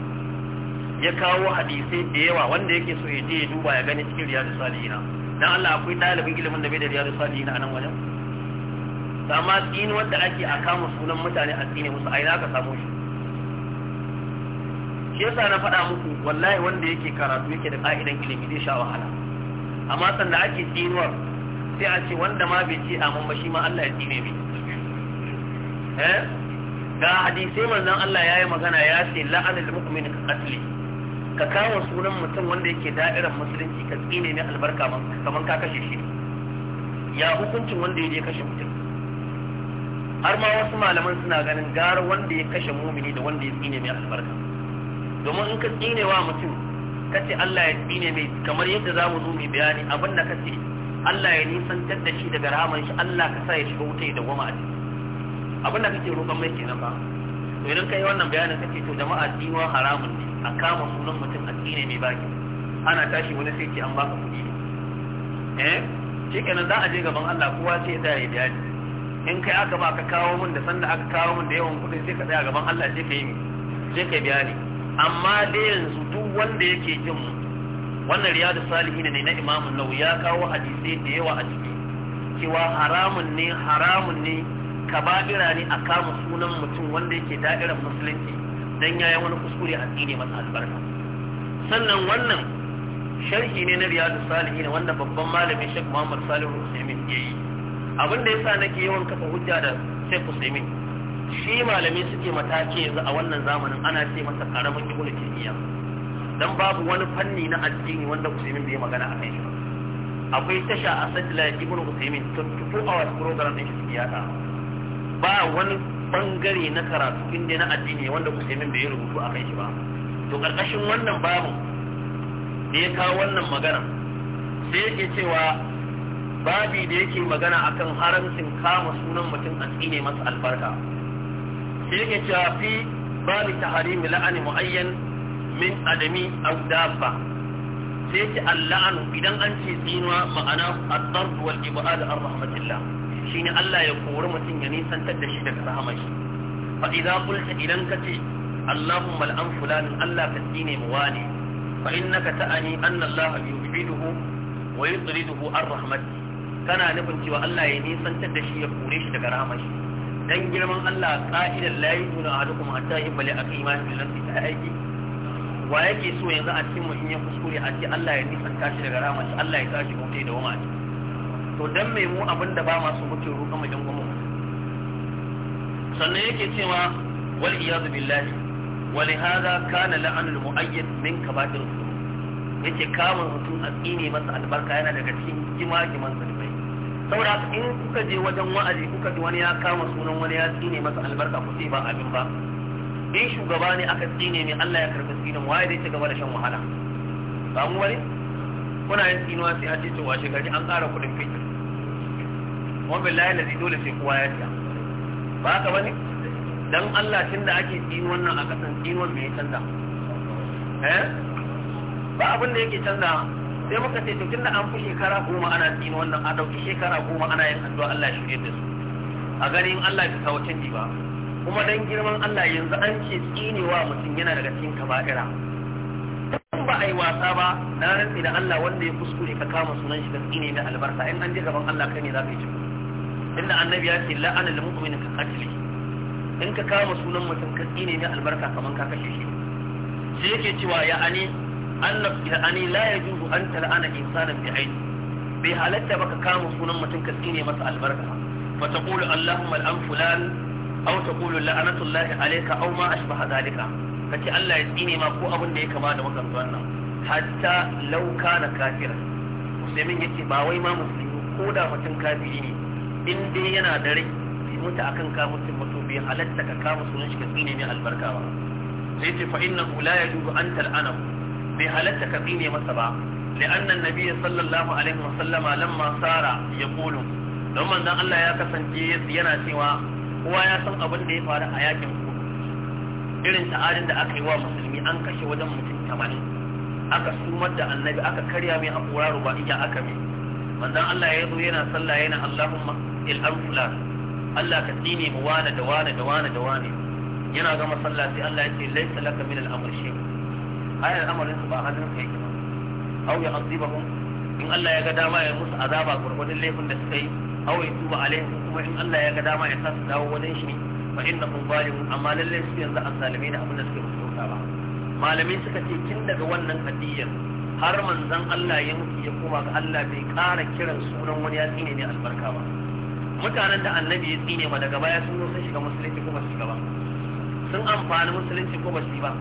ya kawo hadisai da yawa wanda yake so ya je ya duba ya gani cikin riyadu salihina dan Allah akwai ɗalibin ilimin da bai da riyadu salihina a nan wajen amma tsini wanda ake a kama sunan mutane a tsine musu ai ina ka samu shi shi yasa na faɗa muku wallahi wanda yake karatu yake da ka'idan ilimi zai sha wahala amma sanda ake tsinuwar sai a ce wanda ma bai ce amin ba shi ma Allah ya tsine mai eh ga hadisai manzon Allah ya yi magana ya ce da mu'min ka qatli ka kawo sunan mutum wanda yake da'irar musulunci ka tsine ne albarka kamar ka kashe shi ya hukuncin wanda ya je kashe mutum har ma wasu malaman suna ganin gara wanda ya kashe mumini da wanda ya tsine mai albarka domin in ka tsine wa mutum ka ce Allah ya tsine mai kamar yadda za mu zo mu bayani abin da kace Allah ya nisan da shi daga rahaman shi Allah ka sa ya shiga wuta ya dawwama a ciki abin da kake roƙon mai kenan ba to idan kai wannan bayanin kake to jama'a diwa haramun ne a kama sunan mutum a tsine mai baki ana tashi wani sai ce an baka kuɗi eh kenan za a je gaban Allah kowa sai ya tsaya ya bayani in kai aka ba ka kawo min da sanda aka kawo min da yawan kuɗi, sai ka tsaya gaban Allah sai ka yi sai ka bayani amma dai yanzu duk wanda yake jin mu wannan riyadu salihin ne na imamun nau ya kawo hadisai da yawa a ciki cewa haramun ne haramun ne ka ba ne a kama sunan mutum wanda yake da'irar musulunci dan yaya wani kuskure a tsine masa albarka sannan wannan sharhi ne na riyadu salihin wanda babban malamin shek muhammad salihu usaimin ya yi abin da yasa nake yawan kafa hujja da shek usaimin shi malami suke mataki yanzu a wannan zamanin ana ce masa karamin ibnu taymiyyah dan babu wani fanni na addini wanda Usaimin bai magana a kai ba, akwai tasha a sajila ibnu Usaimin 24 hours program din shi ta. ba wani bangare na karatu inda na addini wanda Usaimin bai rubutu a kai shi ba to karkashin wannan babu da ya kawo wannan magana sai yake cewa babi da yake magana akan haramcin kama sunan mutum a tsine masa albarka sai yake cewa fi babu harimi la'ani mu'ayyan min adami aw dabba sai ce alla'anu idan an ce tsinuwa ma'ana ad-dard wal ibad ar rahmatillah shine Allah ya kori mutum ya nisan da shi daga rahama shi fa idza qulta idan kace Allahumma al'an fulan Allah ka tsine mu wani fa innaka ta'ani anna Allah yubiduhu wa yudriduhu ar rahmati kana nufin cewa Allah ya nisan da shi ya kore shi daga rahama shi dan girman Allah ka'idan la yu'minu ahadukum hatta yuballi aqima bil nafsi ta aiki wa yake so yanzu a cikin in ya kuskure a ce Allah ya nisan kashi daga rama shi Allah ya kashi mutai da wama to dan me mu abin da ba ma so muke roƙa mu dan gwamnati sannan yake cewa wal iyad billahi wa li hada kana la'anul mu'ayyad min kabatir yace kamun mutum a tsine masa albarka yana daga cikin jima-jiman zalibai saboda in kuka je wajen wa'azi kuka ji wani ya kama sunan wani ya tsine masa albarka ku ce ba abin ba in shugaba ne aka tsine ne Allah ya karɓi tsinin waye zai ci gaba da shan wahala ba mu wani kuna yin tsinuwa sai a ce to washe gari an ƙara kuɗin fitir wani billahi lazi dole sai kowa ya siya ba ba bane dan Allah tun da ake tsinuwan nan a kasan tsinuwan me canza eh ba abin da yake canza sai muka ce to tun da an fi shekara goma ana tsinuwan nan a ɗauki shekara goma ana yin addu'a Allah ya shirye da su a ganin Allah ya kawo canji ba kuma dan girman Allah yanzu an ce tsinewa mutum yana daga cikin kaba'ira in ba a yi wasa ba na rantsi da Allah wanda ya kuskure ka kama sunan shi da tsine da albarka in an je gaban Allah kai ne za ka yi ciko inda annabi ya ce la'ana lil mu'min ka qatli in ka kama sunan mutum ka tsine da albarka kaman ka kashe shi sai yake cewa ya ani annab ya ani la yajuzu an tal'ana insanan bi aini bai halatta baka kama sunan mutum ka tsine masa albarka fa taqulu allahumma al'an fulan aw taqulu la'natullahi alayka aw ma ashbaha zalika kace Allah ya tsine ma ko abin da ya kama da makamta wannan hatta law kana kafira musulmin yake ba wai ma musulmi ko da mutum kafiri ne in dai yana da rai bai mutu akan ka mutum mutu bai halatta ka kama sunan shi ka tsine mai albarka ba sai ce fa innahu la yajuzu an tal'ana bai halatta ka tsine masa ba لأن النبي صلى الله عليه وسلم لما صار يقول لما أن الله يكسن جيس ينا سوى kowa ya san abin da ya faru a yakin ku irin ta'adin da aka yi wa musulmi an kashe wajen mutum tamanin aka sumar da annabi aka karya mai haƙura ruba iya aka mai manzon Allah ya zo yana sallah yana Allahumma ilham Allah ka tsine mu wane da wane da wane da wane yana gama sallah sai Allah ya ce Lai salaka min al-amr shay ayar amarin su ba hadin ka yake ba au ya azibahum in Allah ya ga dama ya musu azaba gurgurdin laifin da suka yi aw yatuba alaihim kuma in Allah ya ga dama ya sa su dawo wajen shi fa innahum zalimun amma lalle su yanzu azzalime ne abin da suke mutunta ba malamai suka ce kin daga wannan hadiyar har manzon Allah ya mutu ya koma ga Allah bai ƙara kiran sunan wani ya tsine ne albarka ba mutanen da annabi ya tsine ma daga baya sun zo sun shiga musulunci ko ba su shiga ba sun amfani musulunci ko ba su yi ba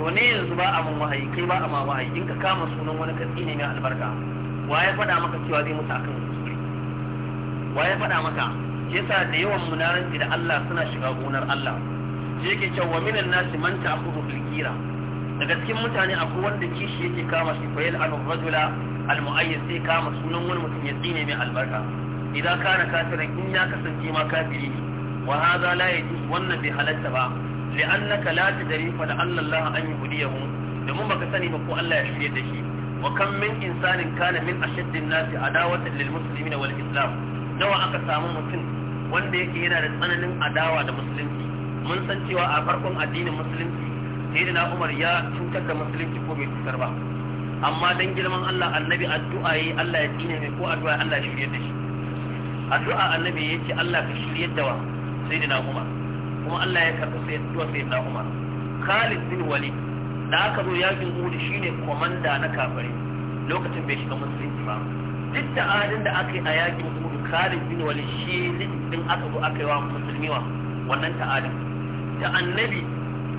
to ne yanzu ba a mun wahayi kai ba a ma wahayi in ka kama sunan wani ka tsine ne albarka wa ya faɗa maka cewa zai mutu akan wa ya faɗa maka yasa da yawan munaranci da Allah suna shiga gonar Allah shi yake cewa minan nasi man ta'khudhu bil kira daga cikin mutane akwai wanda kishi yake kama shi fayil an rajula al mu'ayyan sai kama sunan wani mutum ya tsine mai albarka idan kana kafirin in ya kasance ma kafiri ne wa hadha la yajuz wannan bai halatta ba li'annaka la tadri fa da Allah an yuhdiyahu domin baka sani ba ko Allah ya shirye da shi wa kam min insanin kana min ashaddin nasi adawatan lil muslimina wal islam nawa aka samu mutum wanda yake yana da tsananin adawa da musulunci mun san cewa a farkon addinin musulunci sai da umar ya cutar da musulunci ko bai cutar ba amma dan girman Allah annabi addu'a yi Allah ya tsine mai ko addu'a Allah ya shirye da shi addu'a annabi ya ce Allah ka shirye da wa sai da umar kuma Allah ya karɓi sai addu'a sai da umar Khalid bin Walid da aka zo yakin Uhud shine komanda na kafare lokacin bai shiga musulunci ba duk da adin da aka yi a yakin Khalid bin Walid shi din aka zo aka yi wa musulmi wa da annabi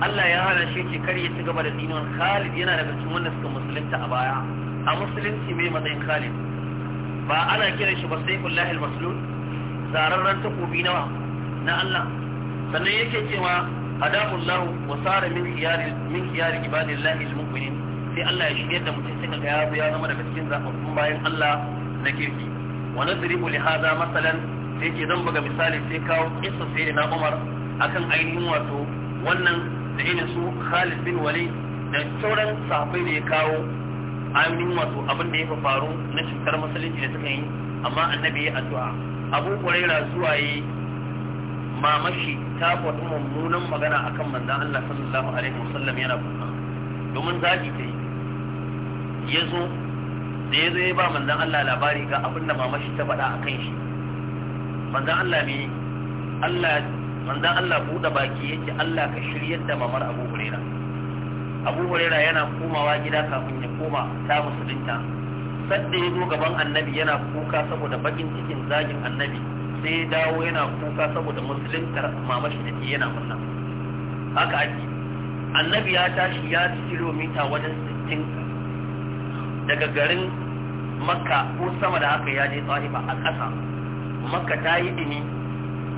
Allah ya hana shi ce kar ya ci gaba da dinin Khalid yana daga cikin wanda suka musulunta a baya a musulunci mai matsayin Khalid ba ana kiran shi ba sai kullahi al-maslul takobi nawa na Allah sannan yake cewa hadahu Allah wa sara min min sai Allah ya shirye da mutum sai kaga ya zama daga cikin zababbun bayan Allah na kirki wa nadribu li hadha masalan sai ke zan buga misali sai kawo kissa sai na Umar akan ainihin wato wannan da irin su Khalid bin Walid da sauran sahabbai da ya kawo ainihin wato abin da ya faru na cutar musulunci da suka yi amma annabi ya addu'a Abu Hurairah zuwa yi mamashi ta faɗi mummunan magana akan manzon Allah sallallahu alaihi wasallam yana kuma domin zaki ta yi ya zo da ya zo ya ba manzan Allah labari ga abin da mamashi ta faɗa a kan shi manzan Allah ne Allah manzan Allah buɗe baki yake Allah ka shiryar da mamar Abu Huraira Abu Huraira yana komawa gida kafin ya koma ta musulunta sadda ya zo gaban annabi yana kuka saboda bakin cikin zagin annabi sai dawo yana kuka saboda musuluntar mamashi da ke yana murna haka ake annabi ya tashi ya ci kilomita wajen 60 daga garin makka ko sama da haka ya je tsahifa a ƙasa makka ta yi ɗini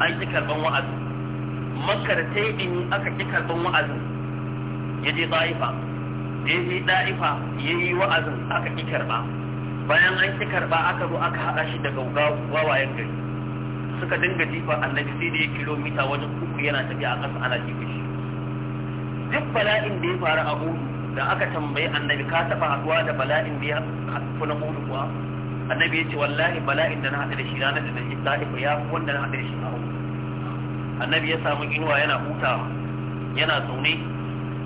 an ki karɓan wa'azi makka da ta yi ɗini aka ƙi karɓan wa'azin ya je tsahifa da ya je ɗa'ifa ya yi wa'azin aka ƙi karɓa bayan an ki karɓa aka zo aka haɗa shi daga wawayen gari suka dinga jifa annabi sai da ya kilomita wajen uku yana tafiya a ƙasa ana jifa shi duk bala'in da ya faru a hudu da aka tambayi annabi ka taba haduwa da bala'in da ya haɗu na hudu kuwa annabi ya ce wallahi bala'in da na haɗu da shi ranar da shi ta'ifu ya fi wanda na haɗu da shi a hudu annabi ya samu inuwa yana huta yana zaune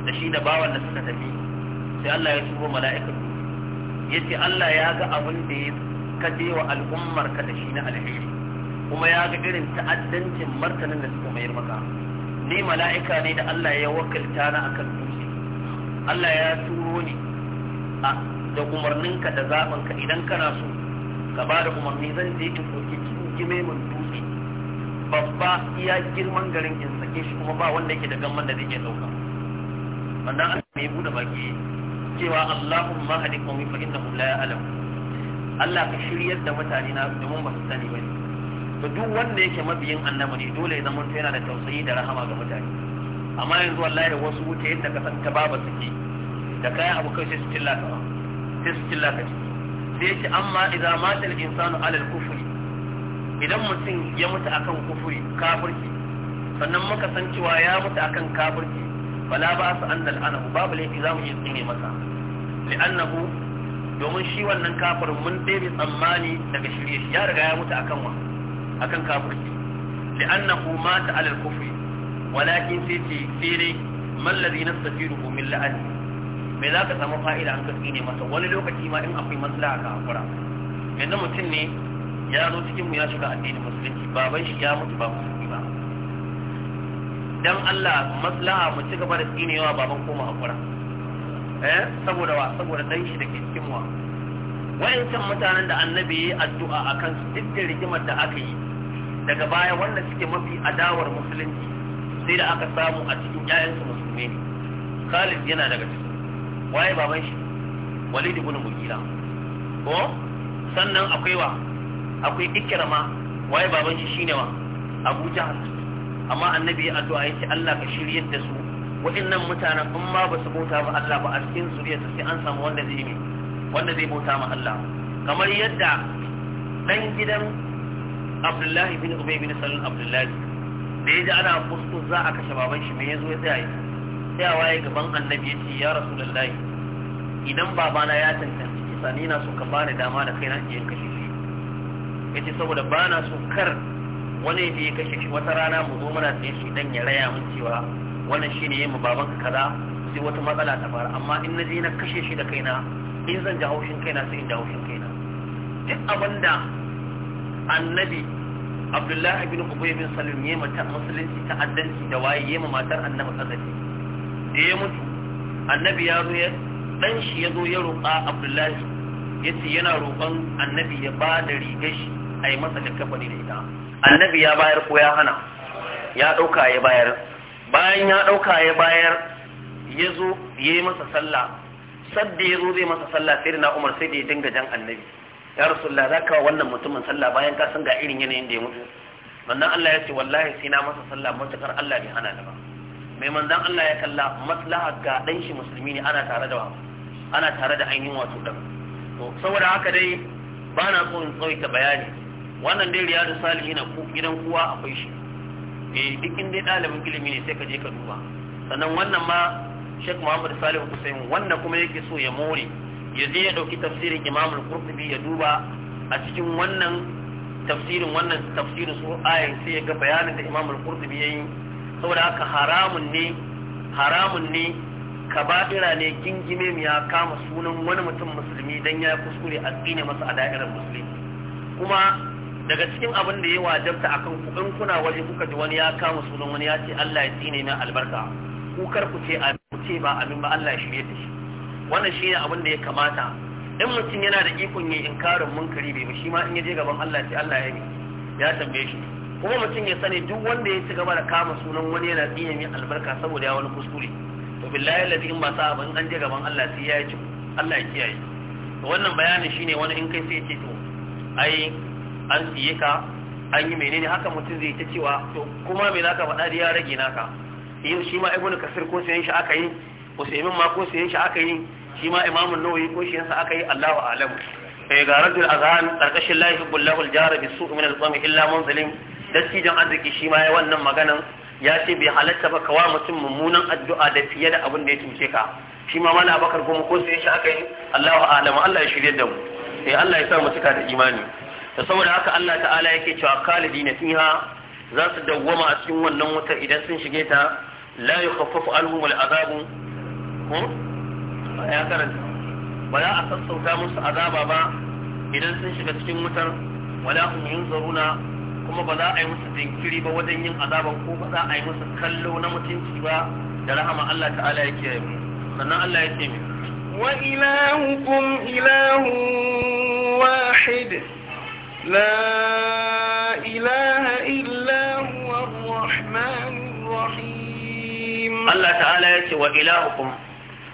da shi da bawan da suka tafi sai Allah ya turo mala'ikan ya ce Allah ya ga abin da ya kaje wa al'ummar ka da shi na alheri kuma ya ga irin ta'addancin martanin da suka mayar maka ni mala'ika ne da Allah ya wakilta na akan duniya Allah ya turo ni a da umarninka da zaɓinka idan kana so ka ba da umarni zan je in ɗauki jime mun dutse babba iya girman garin in sake shi kuma ba wanda yake da gamman da zai iya ɗauka wannan an mai buɗe baki cewa Allahumma hadi qawmi fa innahum la ya'lam Allah ka shiryar da mutane na domin ba su sani ba ne to duk wanda yake mabiyin annabi ne dole ya zama yana da tausayi da rahama ga mutane amma yanzu wallahi wasu wuce yadda ka san ta baba suke da kayan abu sai su cillaka sai su cillaka ciki sai yace amma idza mata al insanu ala kufri idan mutum ya mutu akan kufuri kafirci sannan muka san cewa ya mutu akan kafirci fala ba su an anahu. babu laifi za mu yi tsine masa li'annahu domin shi wannan kafirin mun ɗebe tsammani daga shirye shi ya riga ya mutu akan wa akan kafirci li'annahu mata alal kufri walakin sai ce fere mallazi na tsafiru min la'ani me za ka samu fa'ida an kasi ne masa wani lokaci ma in akwai maslaha ka hakura yanzu mutum ne ya zo ya addinin musulunci baban shi ya mutu ba dan Allah maslaha mu ci gaba da tsinewa baban ko mu hakura eh saboda wa saboda dan shi dake cikin mu wayancan mutanen da annabi ya addu'a akan su duk da rigimar da aka yi daga baya wanda suke mafi adawar musulunci sai da aka samu a cikin ƴaƴansu musulmi ne Khalid yana daga ciki waye baban shi Walid ibn Mughira ko sannan akwai wa akwai Ikrama waye baban shi shine wa Abu Jahl amma annabi ya addu'a yace Allah ka shiryar da su waɗannan mutanen in ma ba su bauta ba Allah ba a cikin zuriyarsa sai an samu wanda zai ne wanda zai bauta ma Allah kamar yadda dan gidan Abdullahi bin Ubay bin Salul Abdullahi da ya ji ana musu za a kashe baban shi me ya zo ya tsaya tsayawa ya gaban annabi ya ce ya rasu lallahi idan babana ya tantance ki sani na so ka bani dama da kaina in kashe shi ya ce saboda ba na so kar wani da ya kashe shi wata rana mu zo mana tsaye shi dan ya raya mun cewa wannan shine yin mu baban ka kaza sai wata matsala ta faru. amma in na je na kashe shi da kaina in zan ji haushin kaina sai in ji haushin kaina duk da annabi abdullahi bin ubay bin salim ya mata musulunci ta addanci da waye ya matar annabi kazafi da ya mutu annabi ya zo ya dan shi ya zo ya roƙa abdullahi yace yana roƙon annabi ya ba da rigar shi a yi masa likkafani da ita annabi ya bayar ko ya hana ya dauka ya bayar bayan ya dauka ya bayar ya zo ya yi masa sallah sadda ya zo zai masa sallah sai na umar sai da ya dinga jan annabi ya rasulullah za ka wannan mutumin sallah bayan ka san ga irin yanayin da ya mutu wannan Allah ya ce wallahi sai na masa sallah matakar Allah bai hana ni ba mai manzon Allah ya kalla maslaha ga dan shi musulmi ne ana tare da ana tare da ainihin wato dan to saboda haka dai ba na so in tsawaita bayani wannan dai riyadu salihin na gidan kowa akwai shi eh duk inda dalibin ilimi ne sai ka je ka duba sannan wannan ma Sheikh Muhammad Salihu Hussein wannan kuma yake so ya more ya je ya ɗauki tafsirin imam al-qurtubi ya duba a cikin wannan tafsirin wannan tafsirin su ayin sai ya ga bayanin da imam al-qurtubi yi saboda haka haramun ne haramun ne kaba'ira ne gingime mu ya kama sunan wani mutum musulmi dan ya kuskure a tsine masa a da'irar musulmi kuma daga cikin abin da ya wajabta akan ku in kuna waje kuka ji wani ya kama sunan wani ya ce Allah ya tsine na albarka ku kar ku ce a ce ba amin ba Allah ya shirye da shi wannan shine abin da ya kamata in mutum yana da ikon yin inkarin munkari bai shi ma in ya je gaban Allah sai Allah ya yi ya tambaye shi kuma mutum ya sani duk wanda ya ci gaba da kama sunan wani yana tsiye mai albarka saboda ya wani kuskure to billahi ladi in ba sa abin an je gaban Allah sai ya yi Allah ya kiyaye to wannan bayanin shine wani in kai sai ya ce to ai an tsiye ka an yi menene haka mutum zai ta cewa to kuma me naka faɗa da ya rage naka yau shi ma ibnu kasir ko sayan shi aka yi min ma ko sayan shi aka yi shi ma imamu nawawi ko shi yasa aka yi Allahu a'lamu kai eh, ga rajul azan karkashin la yuhibbul lahu al-jara bis-su'i min al illa man zalim dattijan arziki shi ma ya wannan maganan ya ce bai halatta ba kawa mutum mummunan addu'a da fiye da abin da ya cuce ka shi ma mala abakar kuma ko sai shi aka yi Allahu a'lamu Allah ya shirye da mu sai eh, Allah ya sa mu cika da imani da saboda haka Allah ta'ala yake cewa na fiha za su dawwama a cikin wannan wutar idan sun shige ta la yukhaffafu anhum al-azabu hmm? ya karanta ba za a sassauta musu azaba ba idan sun shiga cikin wutar wala hum yunzaruna kuma ba za a yi musu jinkiri ba wajen yin azaban ko ba za a yi musu kallo na mutunci ba da rahama Allah ta'ala yake yi sannan Allah yake mi wa ilahukum ilahu wahid la ilaha illa huwa ar-rahmanur rahim Allah ta'ala yake wa ilahukum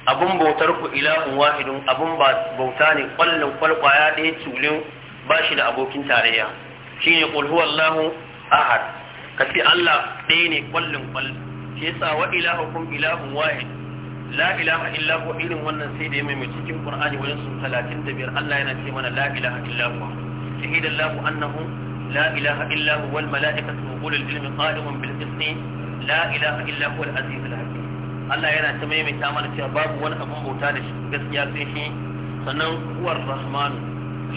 abun bautar ku ilahun wahidun abun bauta ne kwallon kwalkwaya ɗaya tulin ba shi da abokin tarayya shi ne ƙulhu Allahu ahad ka ce Allah ɗaya ne kwallon kwal shi yasa wa ilahukum ilahun wahid la ilaha illa huwa irin wannan sai da ya mai cikin qur'ani wajen sun talatin da biyar Allah yana ce mana la ilaha illa huwa lahu annahu la ilaha illa huwa wal mala'ikatu wa ulul ilmi qa'imun bil qist la ilaha illa huwa al aziz al Allah yana ta maimaita mana cewa babu wani abun bauta da shi gaskiya sai shi sannan uwar rahman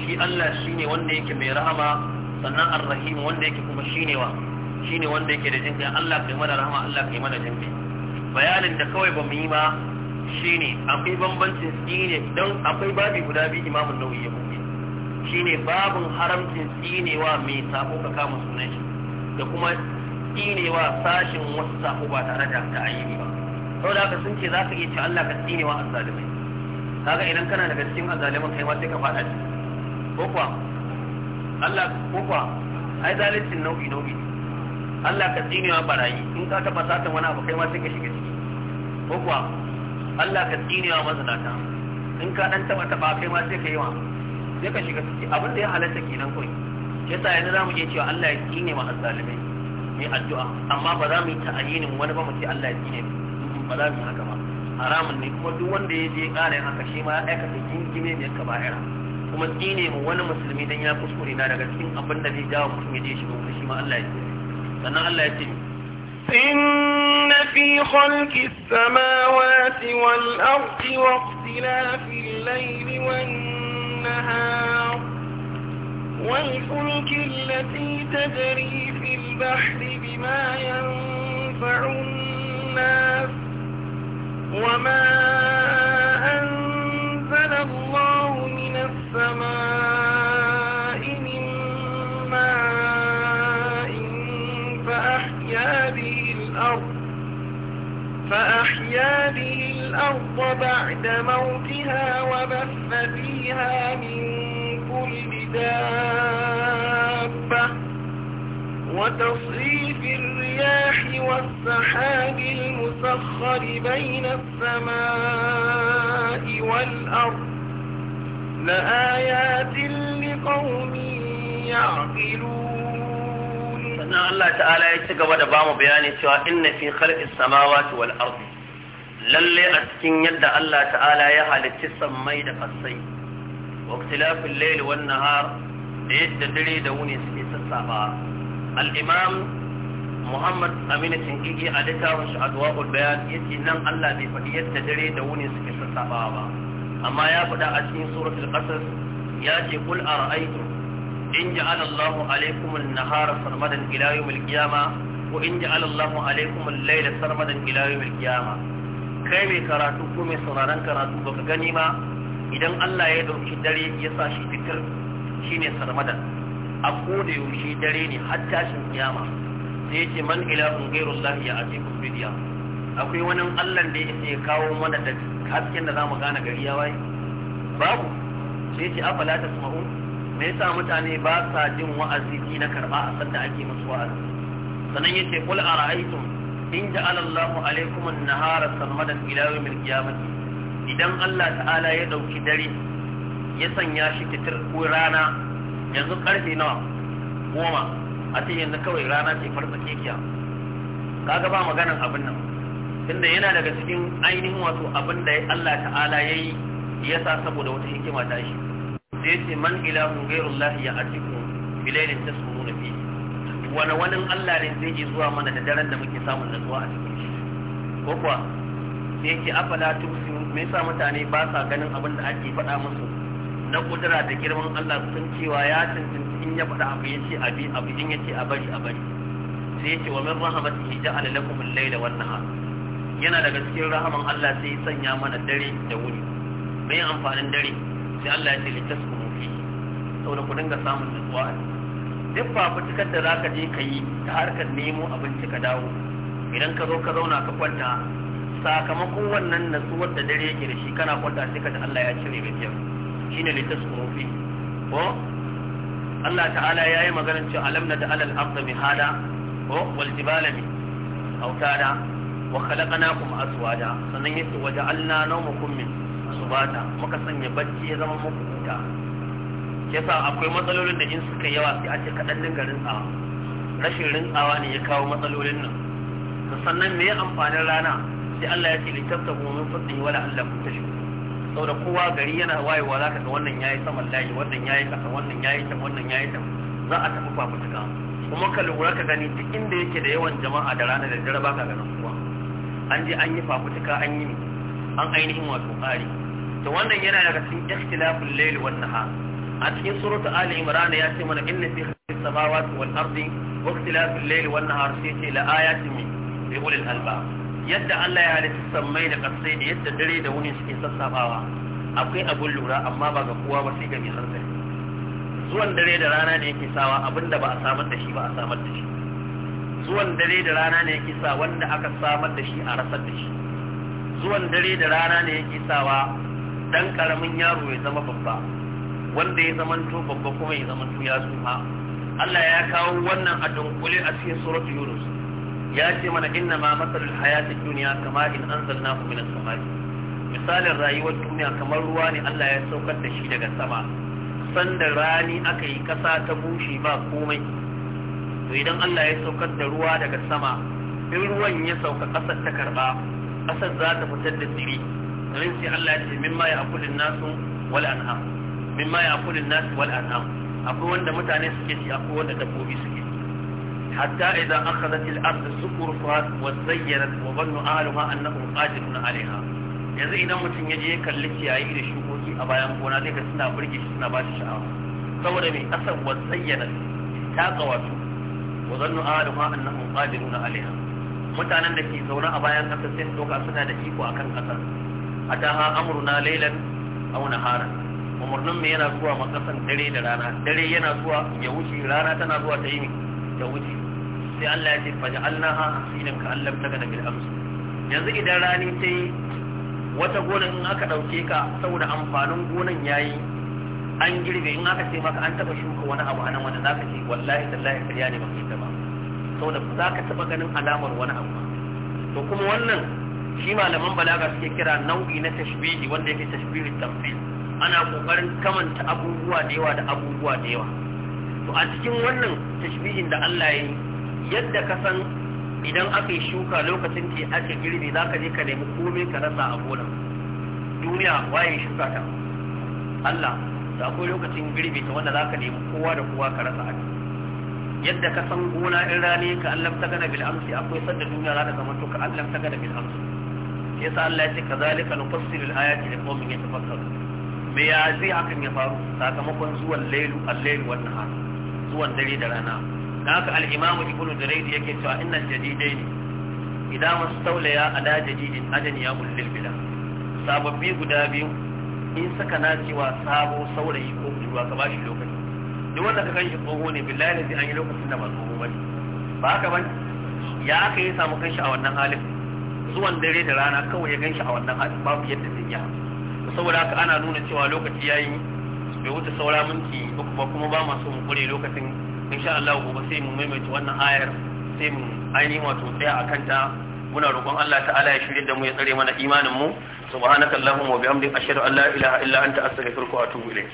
shi Allah shine wanda yake mai rahama sannan ar-rahim wanda yake kuma shine wa shine wanda yake da jinkai Allah kai mana rahama Allah kai mana jinkai bayanin da kawai ba mu yi ba shine akwai bambancin tsine Dan akwai babi guda biyu imamun nauyi ya buɗe shine babin haramcin tsinewa mai sako ka kama sunan shi da kuma tsinewa sashin wasu sako ba tare da ta ayyuka ba saboda haka sun ce za ka iya ci Allah ka tsine wa azzalimai kaga idan kana daga cikin azzaliman kai ma sai ka faɗa ci ko kuwa Allah ko kuwa ai zalincin nau'i nau'i Allah ka tsine wa barayi in ka taɓa satan wani abu kai ma sai ka shiga ciki ko kuwa Allah ka tsine wa mazalata in ka dan taɓa taɓa kai ma sai ka yi wa sai ka shiga ciki abin da ya halatta kenan kawai yasa yanzu za mu je cewa Allah ya tsine wa azzalimai mai addu'a amma ba za mu yi ta'ayinin wani ba mu ce Allah ya tsine mu ba za mu haka ba haramun ne kuma duk wanda ya je ƙara yin haka shi ma ya aikata jingime mai ka bayara kuma tsine mu wani musulmi dan ya kuskure na daga cikin abin da zai jawo mutum ya je shi ba shi ma Allah ya ce sannan Allah ya ce إن في خلق السماوات والأرض واختلاف الليل والنهار والفلك التي تجري في البحر بما ينفع الناس وما أنزل الله من السماء من ماء فأحيا به الأرض فأحيا به الأرض بعد موتها وبث فيها من كل دابة وتصريف الرياح الرياح والسحاب المسخر بين السماء والأرض لآيات لقوم يعقلون فإن الله تعالى يتقوى دبام بياني سوى إن في خلق السماوات والأرض الإمام muhammad amina cinkigi a littafin shi adwa'ul ya ce nan Allah bai faɗi yadda dare da wuni suke sassabawa ba amma ya faɗa a cikin suratul qasas ya ce kul ara'aytum in ja'ala Allahu alaykum an-nahara sarmadan ila yawm al-qiyamah wa in ja'ala Allahu alaykum al-layla sarmadan ila yawm al-qiyamah kai mai karatu ko mai sauraron karatu ba ka gani ba idan Allah ya dauki dare ya sa shi fitir shine sarmadan a koda yaushe dare ne har tashin kiyama sai yace man ilahun ghairullahi ya atiku bidiya akwai wani Allah da yake kawo mana da hasken da zamu gane gari ya waye babu sai yace afala tasma'un me yasa mutane ba sa jin wa'azi na karba a da ake musu wa'azi sanan yace kul ara'aytum in ja'ala Allahu alaykum an-nahara sarmadan ila yawmil qiyamah idan Allah ta'ala ya dauki dare ya sanya shi kitir ko rana yanzu karfe nawa goma a ce yanzu kawai rana ce farfa kekiya kaga ba maganan abin nan tunda yana daga cikin ainihin wato abin da Allah ta'ala ya yi ya sa saboda wata hikima ta shi sai ce man ghayru gairullahi ya atiku bilailin tasmuruna nabi wani wani Allah ne zai yi zuwa mana da daren da muke samun natsuwa a cikin shi ko kuwa sai ce afala tusu me sa mutane ba sa ganin abin da ake faɗa musu na kudura da girman Allah sun cewa ya cancanci in ya faɗa abu ya ce abi abu in ya ce a bari a bari sai ce wa min rahmatihi ja'ala lakum al-layla an nahar yana daga cikin rahaman Allah sai ya sanya mana dare da wuri me amfanin dare sai Allah ya ce litaskunu fi saboda ku dinga samun nutsuwa duk fafutukar da zaka je ka yi ta harkar nemo abinci ka dawo idan ka zo ka zauna ka kwanta sakamakon wannan nutsuwar da dare yake da shi kana kwanta sai ka ji Allah ya cire biyar. shine litaskunu fi ko Allah ta'ala yayi maganar cewa alam na alal al-ardh mihada ko wal jibala mi autada wa khalaqnakum aswada sannan yace wa ja'alna nawmakum min subata muka sanya bacci ya zama muku huta yasa akwai matsalolin da in suka yawa sai a ce kadan din garin tsawa rashin rintsawa ne ya kawo matsalolin nan sannan me amfanin rana sai Allah ya ce litafta min fadli wala allakum tashkurun da kowa gari yana wayewa za ka ga wannan ya yi saman layi wannan ya yi kasa wannan ya yi can wannan ya yi can za a tafi fafutuka kuma ka lura ka gani duk inda yake da yawan jama'a da ranar da dare ba ka ganin kowa an je an yi fafutuka an yi an ainihin wato ƙari to wannan yana daga cikin ikhtilafin layl wan nahar a cikin suratul ali imran ya ce mana inna fi khalqis samawati wal ardi wa ikhtilafil layli wan nahar sai ce la ayatin li ulil albab yadda Allah ya halitta sammai da ƙasai da yadda dare da wuni suke sassafawa akwai abun lura amma ba ga kowa ba sai ga mai hankali zuwan dare da rana ne yake sawa abinda ba a samar da shi ba a samar da shi zuwan dare da rana ne yake sa wanda aka samar da shi a rasar da shi zuwan dare da rana ne yake sawa dan karamin yaro ya zama babba wanda ya to babba kuma ya to ya tsufa Allah ya kawo wannan a dunkule a cikin suratul Yunus ya ce mana inna ma masalul hayati duniya kama in anzalnahu min as samari.' misalin rayuwar duniya kamar ruwa ne Allah ya saukar da shi daga sama sanda rani aka yi kasa ta bushe ba komai to idan Allah ya saukar da ruwa daga sama in ruwan ya sauka kasar ta karba kasar za ta fitar da tsiri domin sai Allah ya ce min mimma ya akulin nasu wal an'am Min mimma ya akulin nasu wal an'am akwai wanda mutane suke ci akwai wanda dabbobi suke hatta idza akhadat al-ard sukurfat wa zayyanat wa dhanna ahliha annahum qadirun 'alayha yanzu idan mutum ya je kalli ciyayi da shukoki a bayan gona zai ga suna burge shi suna ba shi sha'awa saboda mai kasar wa zayyana ta kawatu wa zannu ahliha annahum na 'alayha mutanen da ke zaune a bayan ƙasa sai su doka suna da iko akan ƙasar hatta ha amruna laylan aw naharan umarnin mai yana zuwa makasan dare da rana dare yana zuwa ya wuce rana tana zuwa ta yi ta wuce sai Allah ya ce faj'alnaha hasidan ka allam tagana bil amsu yanzu idan rani ta yi wata gona in aka dauke ka saboda amfanin gonan yayi an girbe in aka ce maka an taba shuka wani abu anan wanda zaka ce wallahi tallahi kariya ne baka ta ba saboda ba ka taba ganin alamar wani abu to kuma wannan shi malaman balaga suke kira nau'i na tashbihi wanda yake tashbihi tamfil ana kokarin kamanta abubuwa da yawa da abubuwa da yawa to a cikin wannan tashbihin da Allah ya yi yadda ka san idan aka yi shuka lokacin ke ake girbi za ka je ka nemi komai ka rasa a gonar duniya waye shuka ta Allah da akwai lokacin girbi ta wanda za ka nemi kowa da kowa ka rasa a yadda ka san gona in rani ka Allah ta gana bil amsi akwai sanda duniya za ta zama to ka Allah ta gana bil amsi yasa Allah ya ce kazalika nufassilu al-ayati liqaumin me ya zai hakan ya faru sakamakon zuwan lailu al-lailu wan nahar zuwan dare da rana haka al-imamu ibnu jarayd yake cewa innal jadidaini idan mustawliya da jadidin ajan ya mulil bila sababbi guda biyu in saka na cewa sabo saurayi ko budurwa ka bashi lokaci duk wanda ka kanshi tsoho ne billahi ne an yi lokacin da ba tsoho ba ba haka ban. ya aka yi samu kanshi a wannan halin zuwan dare da rana kawai ya ganshi a wannan halin babu yadda zai yi saboda haka ana nuna cewa lokaci yayi bai wuce saura minti uku ba kuma ba masu mu lokacin insha Allah gobe sai mu maimaita wannan ayar sai mu ainihin wato tsaya a kanta muna roƙon Allah ta'ala ya shirye da mu ya tsare mana imanin mu subhanaka allahumma wa bihamdika ashhadu an la ilaha illa anta astaghfiruka wa atubu ilayk